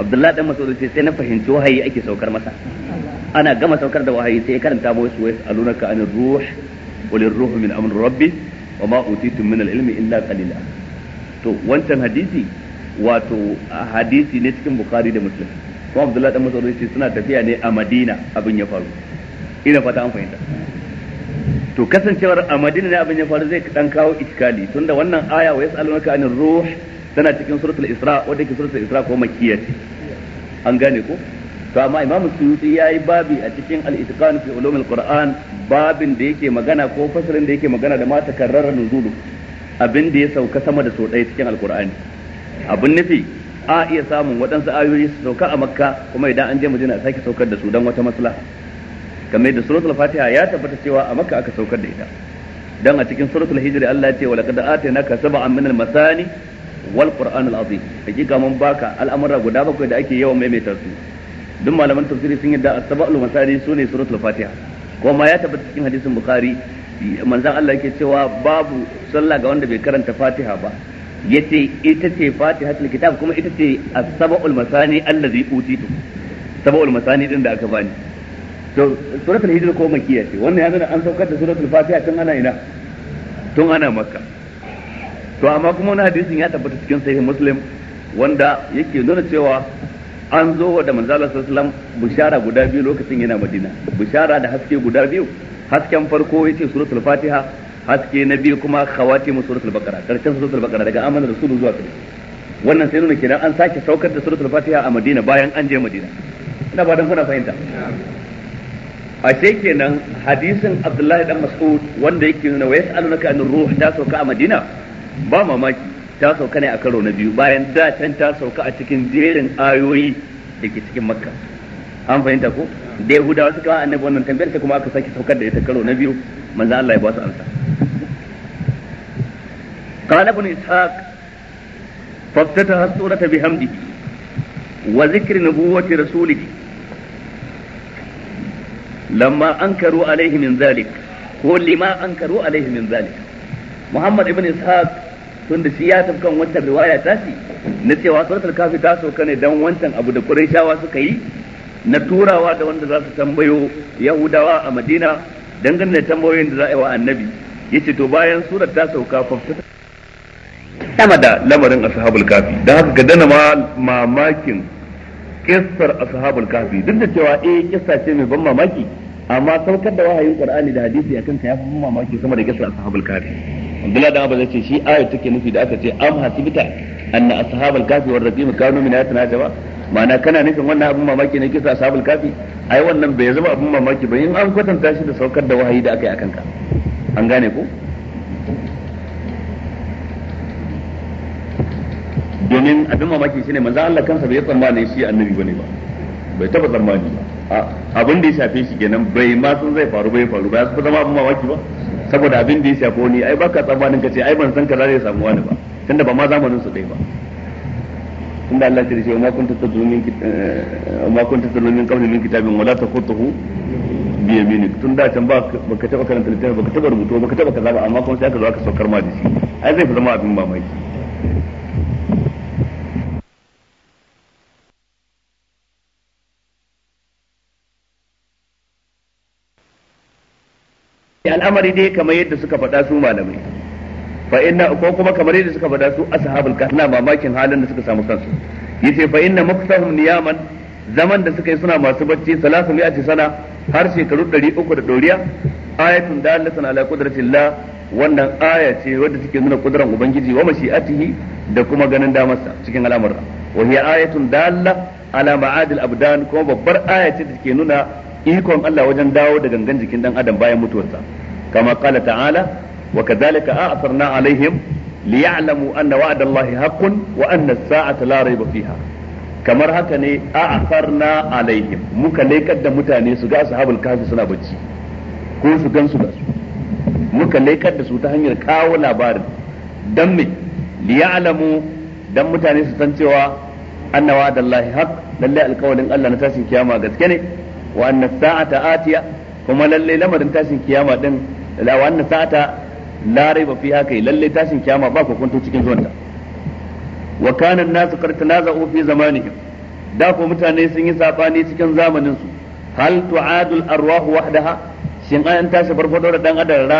abdullahi dan mas'ud sai sai na fahimci wahayi ake saukar masa ana gama saukar da wahayi sai ya karanta mu wasu wasu alunaka an ruh qul ruhu min amri rabbi wa ma utitum min al-ilmi illa qalila to wancan hadisi wato ah, hadisi ne cikin bukhari da muslim ko abdullahi dan yace suna tafiya ne a madina abin ya faru ina fata an fahimta to kasancewar a madina ne abin ya faru zai dan kawo iskali tunda wannan aya wa yas'alunaka anir ruh tana cikin suratul isra ke suratul isra ko an gane ko to amma imam suyuti ya yi babi a cikin al-itqan fi ulumul qur'an babin da yake magana ko fasalin da yake magana da ma takarrara nuzulu abin da ya sauka sama da sauɗai cikin alkur'ani abin nufi a iya samun waɗansu ayoyi su sauka a makka kuma idan an je madina a sake saukar da su don wata maslaha kamar da suratul fatiha ya tabbata cewa a makka aka saukar da ita dan a cikin suratul hijri Allah ya ce walaqad atainaka sab'an minal masani wal al'adu azim hakika mun baka al'amura guda bakwai da ake yawan maimaita su duk malaman tafsiri sun yadda asba'ul masari sune suratul fatiha ma ya tabbata cikin hadisin bukhari manzon Allah yake cewa babu sallah ga wanda bai karanta fatiha ba yace ita ce fatihatul kitab kuma ita ce asba'ul masani allazi utitu sab'ul masani din da aka bani to suratul hijr ko makkiya ce wannan ya zana an saukar da suratul fatiha tun ana ina tun ana makka to amma kuma wannan hadisin ya tabbata cikin sahih muslim wanda yake nuna cewa an zo da manzala Allah sallallahu bishara guda biyu lokacin yana Madina bishara da haske guda biyu hasken farko yace suratul Fatiha haske na biyu kuma khawatimu suratul Baqara karshen suratul Baqara daga amana rasulu zuwa karshe wannan sai nuna kenan an sake saukar da suratul Fatiha a Madina bayan an je Madina ina ba dan kuna fahimta A ce kenan hadisin Abdullahi dan Mas'ud wanda yake nuna wa yas'alunaka anir ruh ta sauka a Madina ba mamaki ta sauka ne a karo na biyu bayan da can ta sauka a cikin jerin ayoyi da ke cikin makka an fahimta ko da yahudawa suka kawai annabi wannan tambayar ta kuma aka sake saukar da ita karo na biyu manzo Allah ya ba su amsa qala ibn ishaq faftataha hasurata bihamdi. wa zikri nubuwati rasulihi lamma ankaru alaihi min zalik ko lima ankaru alaihi min zalik muhammad ibn ishaq da shi ya tafi kan wancan riwaya ta shi na cewa suratul kafi ta sauka ne dan wancan abu da quraishawa suka yi na turawa da wanda za su tambayo yahudawa a madina dangane da tambayoyin da za a yi wa annabi ya ce to bayan surar ta sauka fafsata sama da lamarin ashabul kafi dan haka ga dana ma mamakin kissar ashabul kafi duk da cewa eh kissa ce mai ban mamaki amma saukar da wahayin qur'ani da hadisi akan sa ya fi mamaki sama da a ashabul kafi abdullahi dan abba ce shi ayat take nufi da aka ce am hasibta anna ashabul kafi war raqim kanu min ayatina jaba ma'ana kana nufin wannan abin mamaki ne kisa ashabul kafi ai wannan bai zama abin mamaki ba in an kwatanta shi da saukar da wahayi da aka yi akan ka an gane ko domin abin mamaki shine manzo Allah kansa bai tsammani shi annabi bane ba bai taba tsammani ba abin da ya shafe shi kenan bai ma sun zai faru bai faru ba su zama abin mawaki ba saboda abin da ya shafe wani ai baka tsammanin ka ce ai ban san ka zai samu wani ba tunda ba ma zamanin su dai ba tunda Allah ya ce ma kunta tadlumin eh, ma kunta tadumin qabli min kitabin wala taqutuhu bi yaminik tun da can ba ka taba karanta littafi ba ka taba rubutu baka taba kaza ba amma kuma sai ka zo ka saukar ma da shi ai zai fi zama abin mamaki al'amari dai kamar yadda suka faɗa su malamai fa inna ko kuma kamar yadda suka faɗa su ashabul kahf na mamakin halin da suka samu kansu yace fa inna muktahum niyaman zaman da suka yi suna masu bacci salasu mi'ati sana har shekaru 300 da doriya ayatun dalatan ala qudratillah wannan aya ce wadda take nuna kudran ubangiji wa mashi'atihi da kuma ganin damarsa cikin al'amuran wa hiya ayatun dalla ala ma'adil abdan kuma babbar aya ce da take nuna ikon Allah wajen dawo da gangan jikin dan adam bayan mutuwarsa kama qala ta'ala wa kadhalika a'tharna alaihim liya'lamu anna wa'dallahi haqqun wa anna as-sa'ata la rayba fiha kamar haka ne a'tharna alaihim muka lekar da mutane su ga ashabul kahfi suna bacci ko su gansu da su muka lekar da su ta hanyar kawo labarin dan me liya'lamu dan mutane su san cewa anna wa'dallahi haqq lalle alƙawarin Allah na tashin kiyama gaske ne wa anna sa'ata atiya kuma lalle lamarin tashin kiyama din la wa anna sa'ata la raiba fi haka lalle tashin kiyama ba ku kunto cikin zuwanta wa kana an-nasu qad tanaza'u fi zamanihim da ko mutane sun yi sabani cikin zamanin su hal tu'adul arwah wahdaha shin an tashi farfado da dan adam